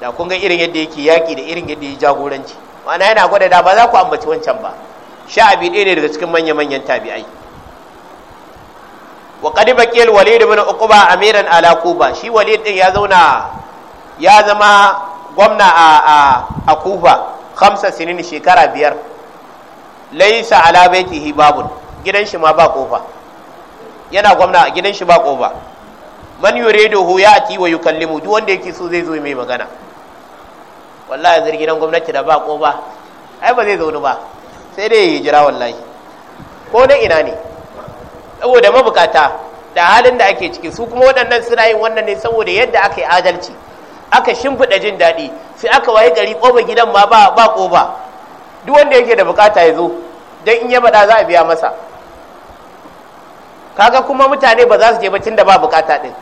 da kun ga irin yadda yake yaki da irin yadda yake jagoranci ma'ana yana gwada da ba za ku ambaci wancan ba sha'abi ɗaya ne daga cikin manya-manyan tabi'ai wa qad baqiya walid ibn uqba amiran ala kuba shi walid din ya zauna ya zama gwamna a kufa hamsa sinin shekara biyar laisa ala baitihi babun gidan shi ma ba kofa yana gwamna a gidan shi ba kofa man yuriduhu yati wa yukallimu duk wanda yake so zai zo mai magana wallahi zai gidan gwamnati da ba kofa ai ba zai zo ba sai dai ya jira wallahi ko na ina ne saboda mabukata da halin da ake ciki su kuma waɗannan suna yin wannan ne saboda yadda aka yi adalci aka shimfiɗa jin daɗi sai aka waye gari ƙofar gidan ma ba ba ƙofa duk wanda yake da bukata ya zo don in ya bada za a biya masa kaga kuma mutane ba za su je ba tun da ba bukata din,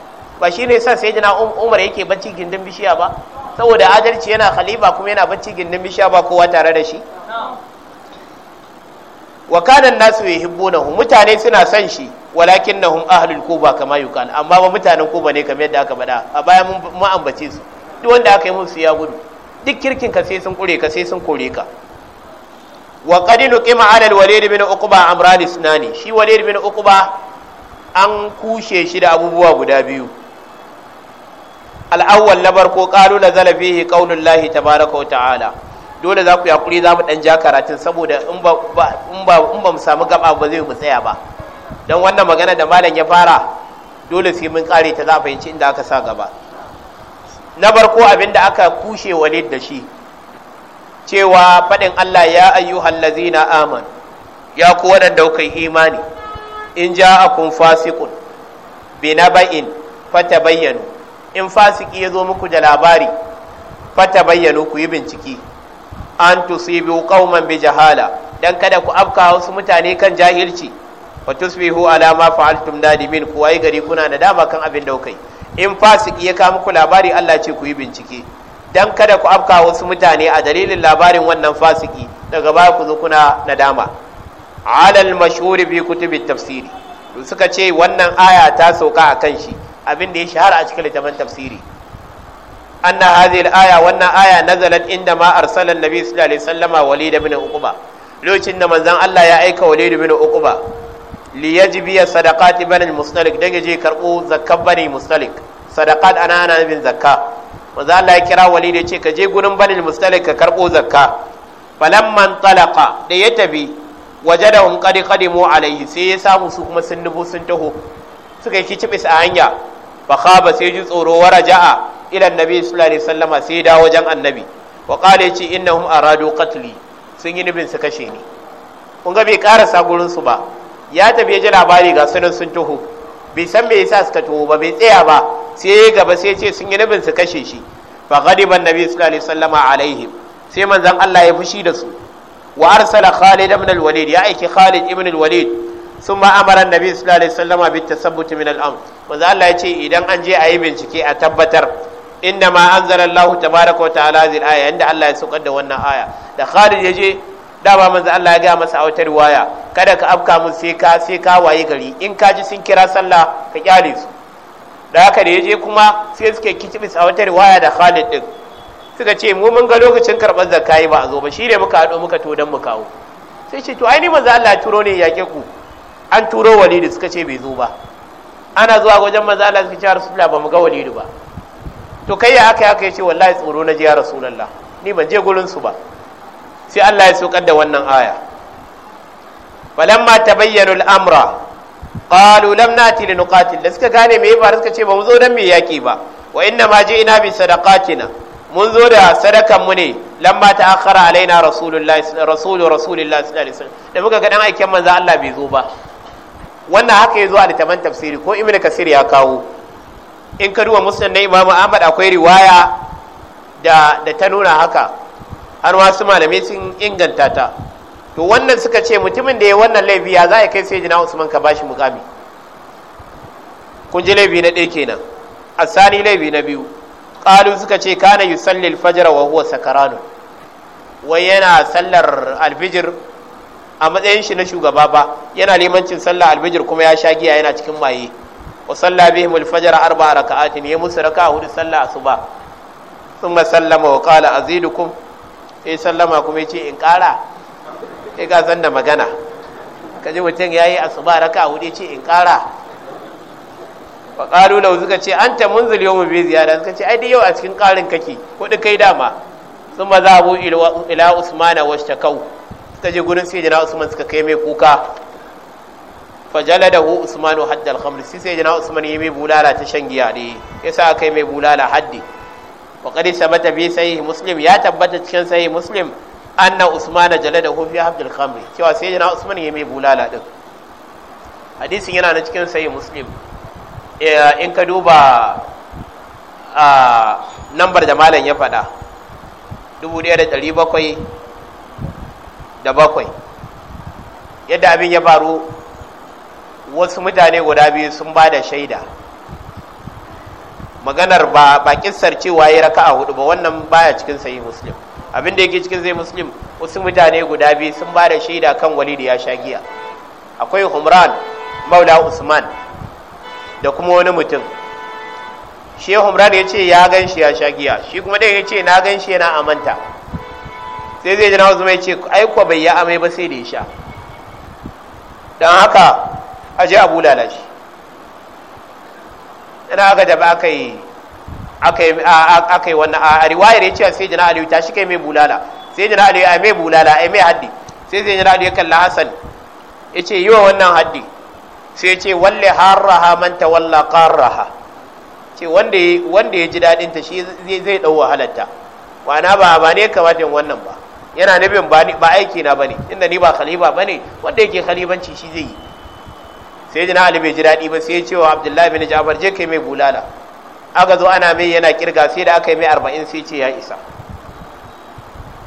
ba shine ne son sai jina um, umar yake bacci gindin bishiya ba saboda adalci yana khalifa kuma yana bacci gindin bishiya ba kowa tare da shi wa kanan nasu yuhibbunahu mutane suna son shi walakinnahum ahlul kuba kama yukan amma ba mutanen kuba ne kamar yadda aka bada a baya mun ambace su duk wanda aka yi su ya gudu duk kirkin ka sai sun kure ka sai sun kore ka wa qad qima ala al-walid bin uqba amran isnani shi walid bin uqba an kushe shi da abubuwa guda biyu al-awwal la ko qalu la zala fihi qaulullahi tabaaraka wa ta'ala dole za ku yakuri za mu dan ja karatun saboda in ba in ba in ba mu samu gaba ba zai mu tsaya ba dan wannan magana da malam ya fara dole sai mun kare ta za a fahimci inda aka sa gaba na barko abin da aka kushe walid da shi cewa faɗin Allah ya ayyuhal ladzina aman ya ku waɗanda kuka imani in ja a kun. ba'in, bayin fata bayyano in fasiki ya zo muku da labari bayyano ku yi bincike an tusibu kauman bi jahala dan kada ku afka wasu mutane kan jahilci wa tusbihu ala ma fa'altum nadimin ku gari kuna nadama kan abin ɗaukai. in fasiki ya kama muku labari Allah ce ku yi bincike dan kada ku afka wasu mutane a dalilin labarin wannan fasiki daga baya ku zo kuna nadama alal mashhuri bi kutubi tafsiri suka ce wannan aya ta sauka a kan shi abin da ya shahara a cikin littafin tafsiri anna hadhihi al-aya wannan aya nazalat inda ma arsala an-nabi sallallahu alaihi wasallama walid ibn uquba lokacin da manzon Allah ya aika walid ibn uquba Liyaji biya sadaqati banil mustalik dan yaje karbo zakkan bani mustalik sadaqat ana ana bin zakka manzo Allah ya kira wali da ce ka je gurin bani mustalik ka karbo zakka falamman talaqa da ya tabi wajadahum qad qadimu alayhi sai ya samu su kuma sun nubo sun taho suka yi kicibis a hanya fa khaba sai ji tsoro waraja'a ila annabi sallallahu alaihi wasallama sai da wajen annabi wa qala yace innahum aradu qatli sun yi nubin su kashe ni kun ga bai karasa gurin su ba ya tafi ya ji labari ga sunan sun taho bai san me yasa suka taho ba bai tsaya ba sai ya gaba sai ce sun yi nufin su kashe shi fa ghadiban nabi sallallahu alaihi wasallama alaihim sai manzon Allah ya fushi da su wa arsala khalid ibn al ya aiki khalid ibn al-walid thumma amara nabi sallallahu alaihi wasallama bit tasabbut al-amr manzon Allah ya ce idan an je a yi bincike a tabbatar inda ma anzala Allah tabaaraka wa ta'ala hadhihi al-aya inda Allah ya saukar da wannan aya da khalid ya je dama manzo Allah ya ga masa a wata riwaya kada ka afka musu sai ka sai ka waye gari in ka ji sun kira sallah ka kyale su da haka da yaje kuma sai suke kitibis a wata riwaya da Khalid din suka ce mu mun ga lokacin karɓar zakai yi ba a zo ba shine muka hado muka to dan mu kawo sai ce to ai ni manzo Allah turo ne yake ku an turo walidu suka ce bai zo ba ana zuwa wajen manzo Allah suka ce rasulullah ba mu ga walidu ba to kai ya aka ya ce wallahi tsoro na ji ya rasulullah ni ban je gurin su ba sai Allah ya saukar da wannan aya falamma tabayyana al'amra qalu lam nati linuqatil da suka gane me ba suka ce ba mu zo dan me yaki ba wa inna ma ji'ina bi sadaqatina mun zo da sadakan mu ne lamma akara alaina rasulullahi rasulu rasulillahi sallallahu alaihi wasallam da muka ga dan aikin manzo Allah bai zo ba wannan haka yazo a littafin tafsiri ko Ibn kasir ya kawo in ka duba musnad na imamu ahmad akwai riwaya da ta nuna haka har wasu malamai sun inganta ta to wannan suka ce mutumin da ya wannan laifi ya za a kai sai jina usman ka bashi mukami kun ji laifi na ɗaya kenan A sani laifi na biyu ƙalu suka ce kana yi sallil fajar wa huwa sakarano wai yana sallar alfijir a matsayin shi na shugaba ba yana limancin sallar alfijir kuma ya sha giya yana cikin maye wa salla bihim al arba'a raka'atin ya musu raka'a hudu sallar asuba thumma sallama wa qala ya sallama kuma ya ce in ƙara ya zan da magana ka ji mutum ya yi asuba raka a hudu ce in ƙara ba ƙaru da suka ce an ta zuliyo mu bi ziyara suka ce ai yau a cikin ƙarin kake kuɗi kai dama sun ba za abu ila usmana wasu ta kau suka je gurin sai jina usman suka kai mai kuka fajala da hu usmanu haddal khamr sai jina usman ya mai bulala ta shan giya ne ya sa kai mai bulala haddi wa qad sabata bi sahih muslim ya tabbata cikin sai muslim anna usman jaladahu fi habdil khamri cewa sai jina usman ya mai bulala din hadisin yana na cikin sahih muslim in ka duba a nambar da malam ya faɗa 1707 yadda abin ya faru wasu mutane guda biyu sun bada shaida maganar ba ba kissar cewa raka a hudu ba wannan baya cikin sahih muslim abin da yake cikin sahih muslim wasu mutane guda biyu sun ba da shaida kan walidi ya sha giya akwai humran maula usman da kuma wani mutum shi humran ya ce ya gan shi ya sha giya shi kuma dai ya ce na gan shi yana amanta sai zai jina wasu mai ce aiko bai ya amai ba sai da ya sha don haka aje abu lalashi ina ga da ba aka yi aka yi wannan a riwayar ya ce sai jina ali ta shi kai mai bulala sai jina ali a mai bulala ai mai haddi sai sai jina ya kalla hasan ya ce yi wa wannan haddi sai ce walle harraha manta walla qarraha ce wanda ya ji dadin ta shi zai dau wahalarta ma'ana ba ba ne kamar yin wannan ba yana nufin ba aiki na bane inda ni ba khalifa bane wanda yake khalifanci shi zai yi sai jina ali bai ji daɗi ba sai ya ce wa abdullahi bin jafar je kai mai bulala aka zo ana mai yana kirga sai da aka yi mai arba'in sai ce ya isa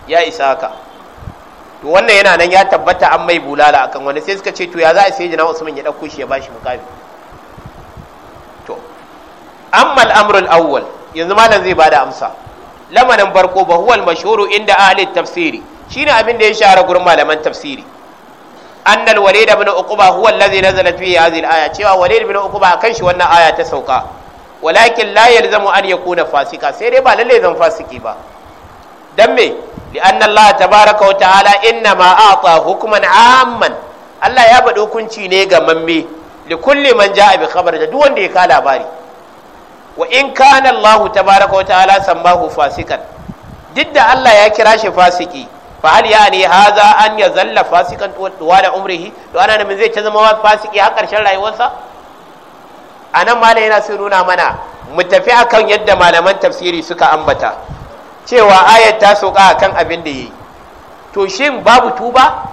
ya isa haka to wannan yana nan ya tabbata an mai bulala akan wani sai suka ce to ya za a sai jina usman ya ɗauko shi ya bashi mukami to amma al'amrul awwal yanzu malam zai bada amsa lamarin barko ba huwal mashhuru inda ahli tafsiri shine abin da ya shahara gurin malaman tafsiri annal walid ibn uquba huwa allazi nazala fi hadhihi al-aya cewa walid ibn uquba kan shi wannan aya ta sauka walakin la yalzamu an yakuna fasika sai dai ba lalle zan fasike ba dan me li anna allah tabaaraka wa ta'ala inna ma allah ya bada hukunci ne ga mamme li kulli man ja'a bi khabar da duk wanda ya ka labari wa in kana allah tabaaraka fasikan duk da allah ya kira shi fasiki fa hal yani haza an yazalla zalla fasikan tuwa da umrihi to ana nan zai ta zama fasiki har karshen rayuwarsa anan malai yana so nuna mana mu tafi akan yadda malaman tafsiri suka ambata cewa ayat ta soka akan abin da yi to shin babu tuba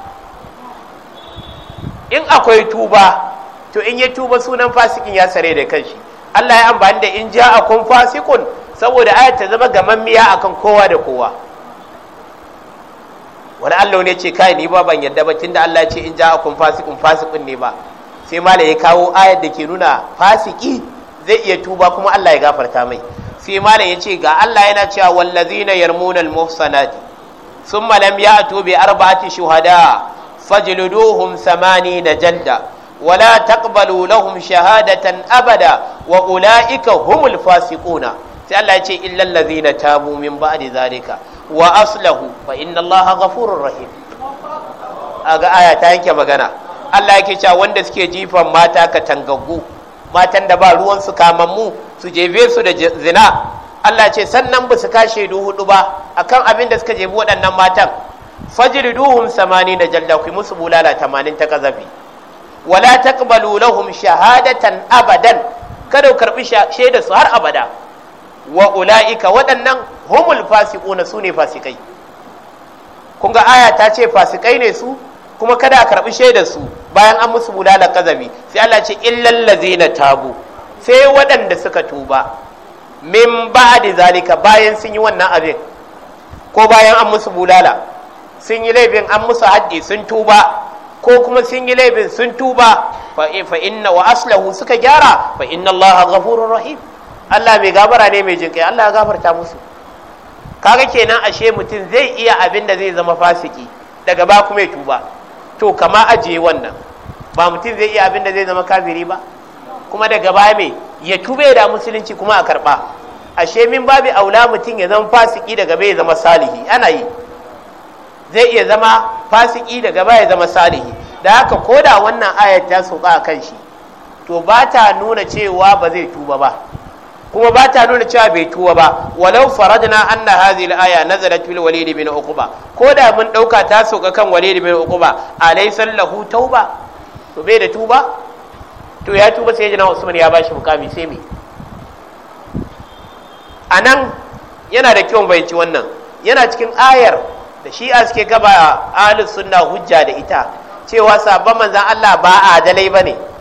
in akwai tuba to in ya tuba sunan fasikin ya sare da kanshi Allah ya ambani da in akun fasikun saboda ayat ta zama gamammiya akan kowa da kowa wani Allah ne ce kai ni ba ban yadda ba tunda Allah ce in ja'akum fasikun fasikun ne ba sai mala ya kawo ayar da ke nuna fasiki zai iya tuba kuma Allah ya gafarta mai sai mala ya ce ga Allah yana cewa wallazina yarmuna almuhsanati thumma lam ya'tu bi arba'ati shuhada fajliduhum na jalda ولا تقبلوا shahadatan abada أبدا وأولئك humul الفاسقون sai Allah ya ce illal ladzina tabu min ba'di zalika wa aslahu fa inna allaha ghafurur rahim aga aya ta yanke magana Allah yake cewa wanda suke jifan mata ka tangaggu matan da ba ruwan su mu su jefe su da zina Allah ce sannan ba su kashe du hudu ba akan abin da suka jefi waɗannan matan fajriduhum samani da jalla ku musu bulala 80 ta kazafi wala taqbalu lahum shahadatan abadan kada ku karbi shaida su har abada wa ula'ika waɗannan humul fasiquna su ne fasikai kun ga aya ta ce fasikai ne su kuma kada a karɓi shaidar su bayan an musu bulala kazabi sai Allah ce illal na tabu sai waɗanda suka tuba min ba'di zalika bayan sun yi wannan abin ko bayan an musu bulala sun yi laifin an musu haddi sun tuba ko kuma sun yi laifin sun tuba fa inna wa aslahu suka gyara fa inna Allah ghafurur rahim Allah mai gabara ne mai jinkai Allah ya gafarta musu kaga kenan ashe mutum zai iya abin da zai zama fasiki daga ba kuma ya tuba to kama ajiye wannan ba mutum zai iya abin da zai zama kafiri ba kuma daga ba mai ya tube da musulunci kuma a karba ashe min babu aula mutum ya zama fasiki daga bai ya zama salihi ana yi zai iya zama fasiki daga ba ya zama salihi da haka koda wannan ayat ta sauka a kan shi to ba ta nuna cewa ba zai tuba ba kuma ba ta nuna cewa bai tuwa ba walau faradna anna hadhihi al-aya nazalat fil walid bin uquba ko da mun dauka ta sauka kan walid bin uquba alaysa lahu tauba to bai da tuba to ya tuba sai jina usman ya bashi mukami sai me anan yana da kyau bayyanci wannan yana cikin ayar da shi a suke gaba ahlus sunna hujja da ita cewa sabon manzon Allah ba adalai bane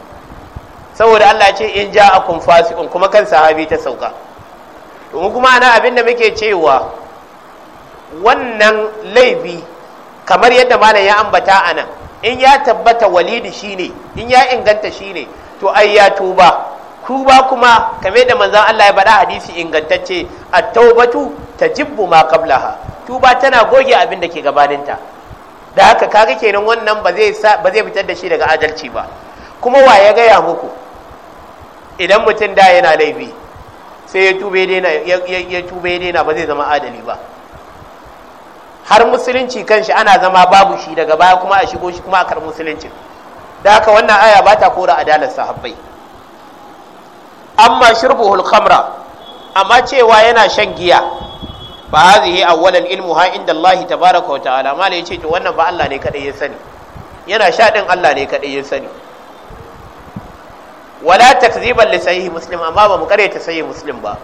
saboda Allah ce in ja a kun fasikun kuma kan sahabi ta sauka to kuma ana abin da muke cewa wannan laifi kamar yadda malam ya ambata anan in ya tabbata walidi shine in ya inganta shine to ai ya tuba tuba kuma kamar da manzan Allah ya bada hadisi ingantacce at-taubatu tajibbu ma qablaha tuba tana goge abin da ke gabaninta da haka kaga kenan wannan ba ba zai fitar da shi daga adalci ba kuma wa ya gaya muku idan mutum da yana laifi sai ya tube daina ba zai zama adali ba har musulunci kanshi ana zama babu shi daga baya kuma a shigo shi kuma a kar musulunci da haka wannan aya ba ta kora adalar sahabbai amma shirbu hulkamra amma cewa yana shan giya ba yi awwalan ilmu ha inda Allah tabaraka wa ta'ala ya ya to wannan ba Allah ne kadai ya sani yana sha ɗin Allah ne kaɗai ya sani wala takziban li sahihi muslim amma ba mu ta sahihi muslim ba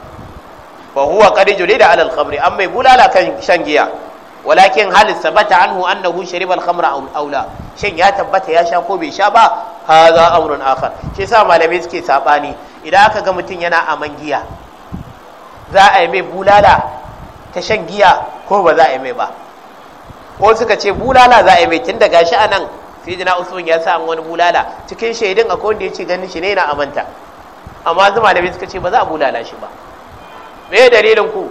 fa huwa qad julida ala al-khamri am mai bulala kan shan giya walakin hal sabata anhu annahu shariba al-khamra aw la shin ya tabbata ya sha ko bai sha ba hadha amrun akhar shi sa malamai suke sabani idan aka ga mutum yana aman giya za a yi mai bulala ta shan giya ko ba za a yi mai ba ko suka ce bulala za a yi mai tun daga shi anan sai jina usman ya sa wani bulala cikin shaidun a wanda ya ce ganin shi ne na amanta amma zuma da suka ce ba za a bulala shi ba me dalilin ku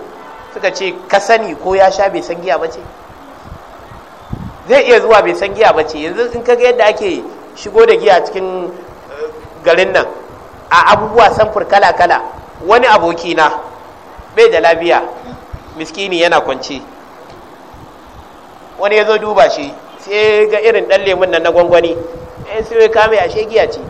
suka ce ka sani ko ya sha bai san giya ba zai iya zuwa bai san giya bace yanzu in ka ga yadda ake shigo da giya cikin eh, garin nan a abubuwa samfur kala kala wani aboki na bai da lafiya miskini yana kwance wani ya zo duba shi sai ga irin ɗan lemun nan na gwangwani in sai kame ashe giya ce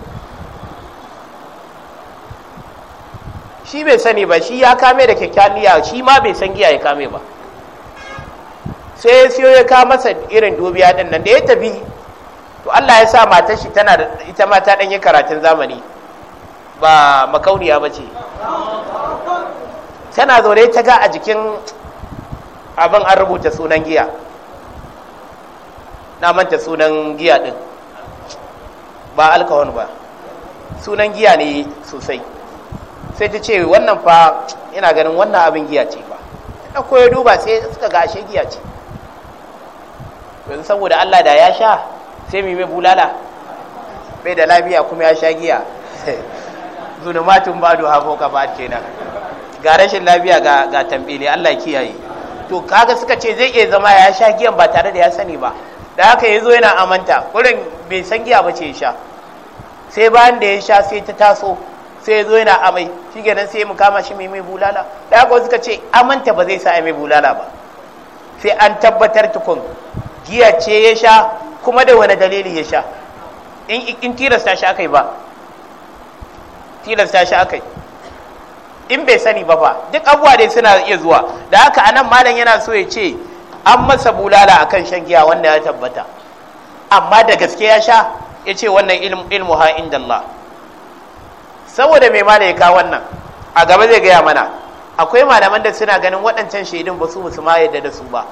shi bai sani ba shi ya kame da kyakkyaliya shi ma bai san giya ya kame ba sai ya siyo ka masa irin dubiya din nan da ya tafi to Allah ya sa matar shi tana da ita ma ta dan yi karatun zamani ba makauniya ba ce tana zaune ta ga a jikin abin an rubuta sunan giya na manta sunan giya din ba alkawon ba sunan giya ne sosai sai ta ce wannan fa ina ganin wannan abin giya ce ba na koyo duba sai suka ga ashe giya ce yanzu saboda Allah da ya sha sai mai mai bulala bai da lafiya kuma ya sha giya [LAUGHS] zulumatun ba duha ko ba kenan ga rashin lafiya ga ga tambile Allah kiyaye to kaga suka ce zai iya zama ya sha giyan ba tare da ya sani ba da haka ya zo yana amanta wurin bai san giya ba ce ya sha sai bayan da ya sha sai ta taso sai ya zo yana amai shi sai mu kama shi mai mai bulala da haka wasu suka ce amanta ba zai sa mai bulala ba sai an tabbatar tukun giya ce ya sha kuma da wani dalili ya sha in tilasta shi aka yi ba tilasta shi aka yi in bai sani ba ba duk abubuwa dai suna iya zuwa da haka anan malam yana so ya ce an masa bulala a kan shan giya wanda ya tabbata amma da gaske ya sha ya ce wannan ilmu ha inda Allah saboda mai malaika wannan a gaba zai gaya mana akwai malaman da suna ganin waɗancan shaidun ba su musu ma yadda da su ba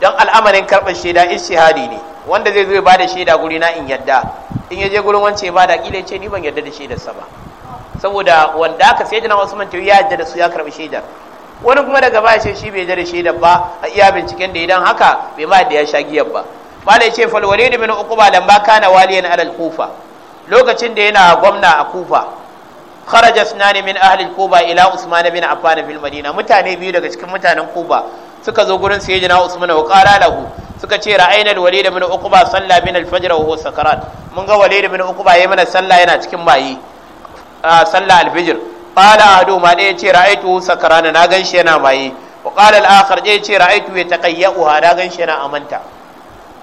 don al'amarin karɓar shaida ishihadi ne wanda zai zo ya bada shaida guri na in yadda in ya je gurin wance ba da kila ce ni ban yadda da shaidarsa ba saboda wanda aka sai jina wasu mantawi ya yadda da su ya karɓi shaidar wani kuma daga baya ce shi bai da shaidar ba a iya binciken da idan haka bai ma da ya sha giyar ba Malam ce fal walid bin uqba ba kana waliyan alal kufa lokacin da yana gwamna a kufa kharaja sunani min ahli kufa ila usman bin affan fil madina mutane biyu daga cikin mutanen kufa suka zo gurin sayyidina usman wa qala lahu suka ce ra'ayna walid bin uquba salla bin al fajr wa huwa sakarat mun ga walid bin uquba yayi mana salla yana cikin maye sallah al fajr qala adu ma dai yace ra'aitu sakarana na ganshi yana maye wa qala al-akhar dai yace ra'aitu ya taqayyuha na ganshi yana amanta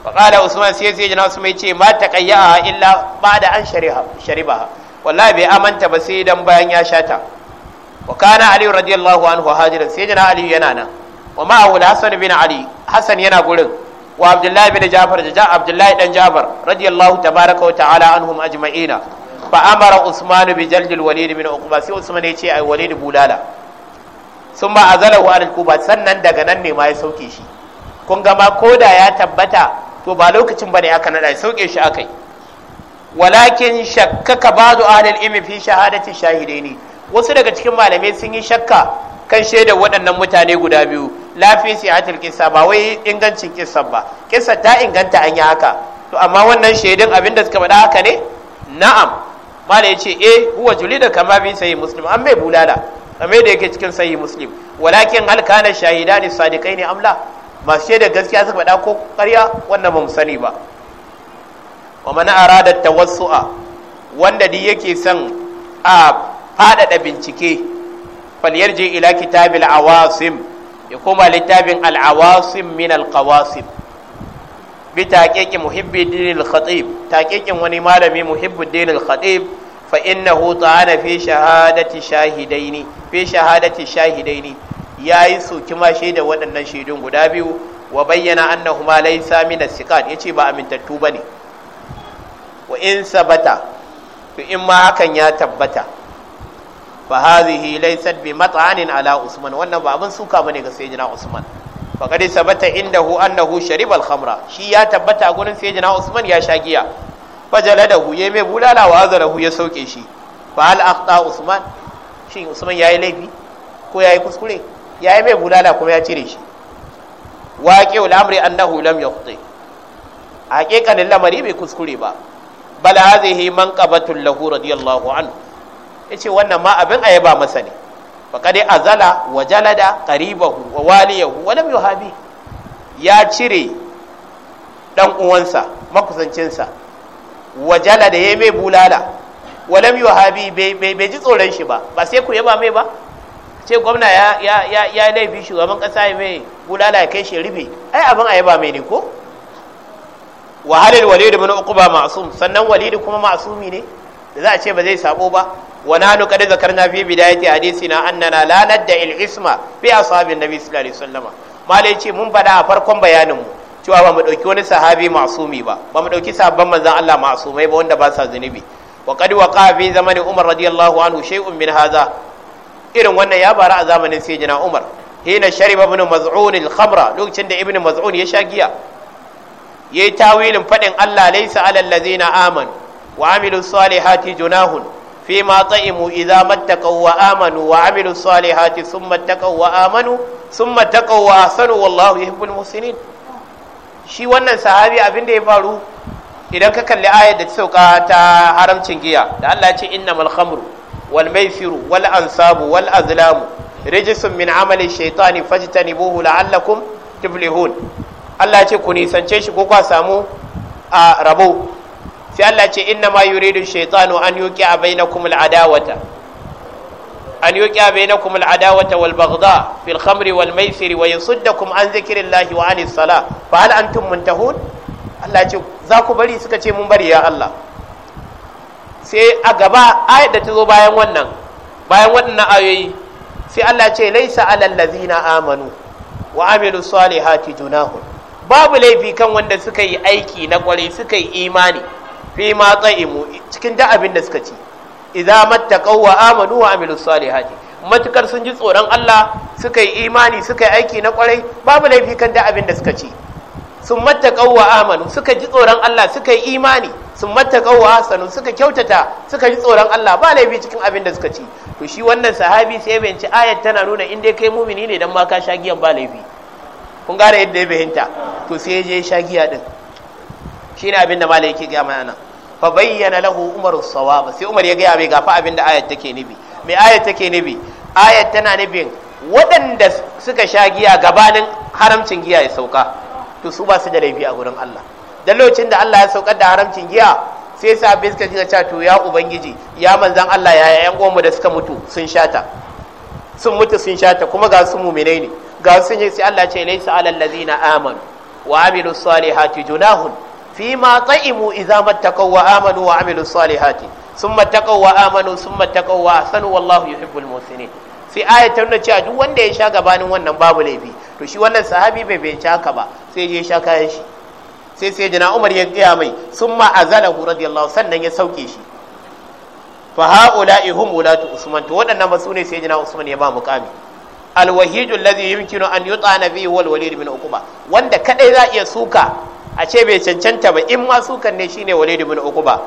fa qala usman sai sai jina usman yace ma taqayyaha illa ba'da an shariha sharibaha wallahi bai amanta ba sai dan bayan ya shata wa kana ali radiyallahu anhu hajiran sai jina ali yana nan wa ma'ahu al-hasan bin ali hasan yana gurin وعبد الله بن جعفر جاء عبد الله بن جعفر رضي الله تبارك وتعالى عنهم أجمعين fa amara usmanu bi jaljil walid min uqba sai usman ya ce ai walid bulala sun ba azalahu al kuba sannan daga nan ne ma ya sauke shi kun ga koda ya tabbata to ba lokacin bane aka nada ya sauke shi akai walakin shakkaka ba'du ahli al-ilmi fi shahadati shahidaini wasu daga cikin malamai sun yi shakka kan shaida waɗannan mutane guda biyu lafi atil kisa ba wai ingancin kisa ba kissa ta inganta an yi haka to amma wannan shaidun abinda suka faɗa haka ne na'am mala ce eh huwa julida kama bi sayi muslim an mai bulala kamar da yake cikin sayi muslim walakin hal kana shahidani sadiqaini amla masu da gaskiya suka faɗa ko ƙarya wannan ba mu sani ba wa mana arada tawassu'a wanda dai yake son a faɗaɗa bincike falyarji ila kitabil awasim ya koma littafin al awasim min al qawasim bi taqiqi muhibbi dinil khatib wani malami muhibbi dinil khatib fa innahu ta'ana fi shahadati shahidaini fi shahadati shahidaini yayi soki ma da waɗannan shaidun guda biyu wa bayyana annahuma laysa min as-siqat yace ba amintattu bane wa in sabata to in ma hakan ya tabbata fa hadhihi laysat bi mat'anin ala usman wannan ba abin suka bane ga sayyidina usman faqad sabata indahu annahu shariba al-khamra shi ya tabbata gurin sayyidina Usman ya sha giya fajaladahu ya mai bulala wa azarahu ya sauke shi fa hal akhta Usman shi Usman yi laifi ko ya yi kuskure ya yi mai bulala kuma ya cire shi waqi'u al-amri annahu lam ya yukhti haqiqanin lamari bai kuskure ba Bala bal man manqabatul lahu radiyallahu anhu Ya ce wannan ma abin a ayaba masa ne faqad azala wa jalada qaribahu wa waliyahu wa lam yuhabi ya cire dan uwansa makusancinsa wa jalada ya mai bulala wa lam yuhabi bai ji tsoron shi ba ba sai ku yaba mai ba ce gwamna ya ya laifi shugaban ƙasa ya mai bulala ya kai shi rufe ai abin a yaba mai ne ko wahalar walid bin uquba ma'sum sannan Walidu kuma ma'sumi ne da za a ce ba zai sabo ba wa nahnu qad zakarna fi bidayati hadisina annana la nadda al da fi ashabin nabi sallallahu alaihi wasallam malai ce mun faɗi a farkon bayanin mu cewa ba mu ɗauki wani sahabi masumi ba ba mu ɗauki sabon manzan Allah masumai ba wanda ba sa zunubi wa qad waqa fi zamani Umar radiyallahu anhu shay'un min haza. irin wannan ya bara a zamanin sayyidina Umar hina shariba ibn maz'un al-khamra lokacin da ibn maz'un ya sha giya yayi tawilin fadin Allah laysa alal ladzina amanu wa amilus salihati junahun fi ma ta'imu idza mattaqaw wa amanu wa amilu salihati thumma taqaw wa amanu thumma taqaw wa ahsanu wallahu yuhibbul muhsinin shi wannan sahabi abin da ya faru idan ka kalli ayar da ta sauka ta haramcin giya da Allah ya ce innamal khamru wal maisiru wal ansabu wal azlamu rijisun min amali shaitani fajtanibuhu la'allakum tuflihun Allah ce ku nisance shi ko kwa samu a rabo sai Allah ce inna ma yuridu shaytanu an yuqi'a bainakum al-adawata an yuqi'a bainakum al-adawata wal baghdha fil khamri wal maisiri wa yasuddakum an zikrillahi wa anis salah fa hal antum muntahun Allah ce za ku bari suka ce mun bari ya Allah sai a gaba ayat da ta zo bayan wannan bayan wannan ayoyi sai Allah ce laisa alal ladzina amanu wa amilu salihati junahun babu laifi kan wanda suka yi aiki na kwarai suka yi imani fi ma tsa'imu cikin da abin da suka ci idza mattaqaw wa amanu wa amilus salihati matukar sun ji tsoron Allah suka yi imani suka yi aiki na kwarai babu laifi kan da abin da suka ci sun mattaqaw wa amanu suka ji tsoron Allah suka yi imani sun mattaqaw wa hasanu suka kyautata suka ji tsoron Allah ba laifi cikin abin da suka ci to shi wannan sahabi sai ya bayanci ayat tana nuna in dai kai mumini ne dan ma ka sha giyan ba laifi kun gare yadda ya bayyanta to sai ya je sha giya din shine abin da malai yake ga mana fa bayyana lahu umar sawaba sai umar ya gaya mai gafa abin da ayat take nufi mai ayat take nufi ayat tana nufin waɗanda suka sha giya gabanin haramcin giya ya sauka to su ba su da laifi a gurin Allah dan lokacin da Allah ya saukar da haramcin giya sai sa biska kika cewa to ya ubangiji ya manzan Allah ya yayan mu da suka mutu sun shata sun mutu sun shata kuma ga su mu'minai ne ga su sun yi sai Allah ce laysa alal ladina amanu wa amilus salihati junahun fi ma ta'imu idza mattaqaw wa amanu wa amilu salihati summa taqaw wa amanu summa taqaw wallahu yuhibbul muhsinin sai ayat ta nuna cewa duk wanda ya sha gabanin wannan babu laifi to shi wannan sahabi bai bai haka ba sai ya sha kayan shi sai sai jina ya gaya mai summa azalahu radiyallahu sannan ya sauke shi fa haula'i hum ulatu to waɗannan ba ne sai jina ya ba mukami alwahidul ladhi yumkinu an yut'ana bihi wal walid wanda kadai za iya suka a ce bai cancanta ba in ma sukan ne shine walid ba wale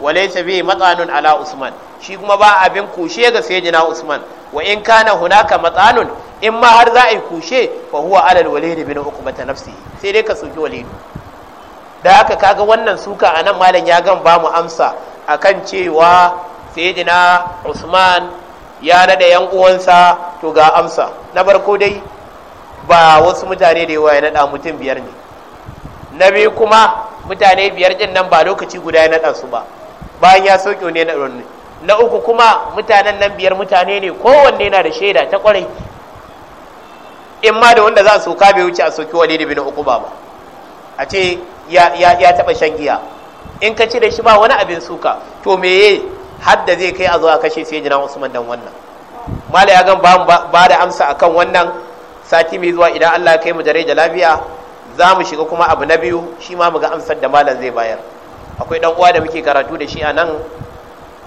walaysa bi matsanun ala usman shi kuma ba abin kushe ga sayyidina usman wa in kana hunaka matsanun in ma har za a yi kushe fa huwa alal da uku ba ta nafsi sai dai ka soki walid da haka kaga wannan suka anan malam ya gan ba mu amsa akan cewa sayyidina usman ya nada yan uwansa to ga amsa na farko dai ba wasu mutane da yawa ya nada mutum biyar ne na biyu kuma mutane biyar din nan ba lokaci guda ya naɗa su ba bayan ya sauke ne naɗa na uku kuma mutanen nan biyar mutane ne kowanne na da shaida ta ƙwarai. in ma da wanda za a soka bai wuce a soki wani da na uku ba ba a ce ya taɓa shan giya in ka ci da shi ba wani abin suka to meye hadda zai kai a zuwa kashe sai jina usman dan wannan mala ya gan ba da amsa akan wannan sati mai zuwa idan allah kai mu da da lafiya za mu shiga kuma abu na biyu shi ma mu ga amsar da malam zai bayar akwai dan uwa da muke karatu da shi a nan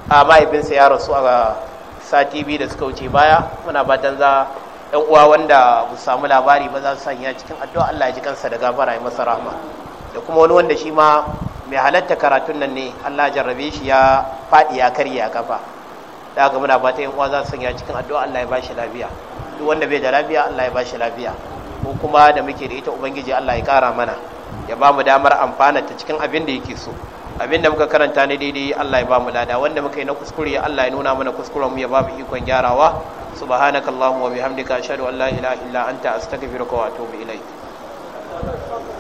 a mahaifinsa ya rasu a sati biyu da suka wuce baya muna fatan za yan uwa wanda bu samu labari ba za su sanya cikin addu'a Allah ya ji kansa da gafara ya masa rahma da kuma wani wanda shi ma mai halatta karatun nan ne Allah ya jarrabe shi ya faɗi ya karya kafa da haka muna fatan yan uwa za su sanya cikin addu'a Allah ya ba shi lafiya duk wanda bai da lafiya Allah ya ba shi lafiya ko kuma da muke da ita ubangiji Allah ya kara mana ya ba mu damar amfana ta cikin abin da yake so abin da muka karanta ne daidai Allah ya ba mu lada wanda muka yi na kuskure Allah ya nuna mana kuskuren mu ya ba mu ikon gyarawa subhanakallahumma wa bihamdika ashhadu an la ilaha illa anta astaghfiruka wa atubu ilaik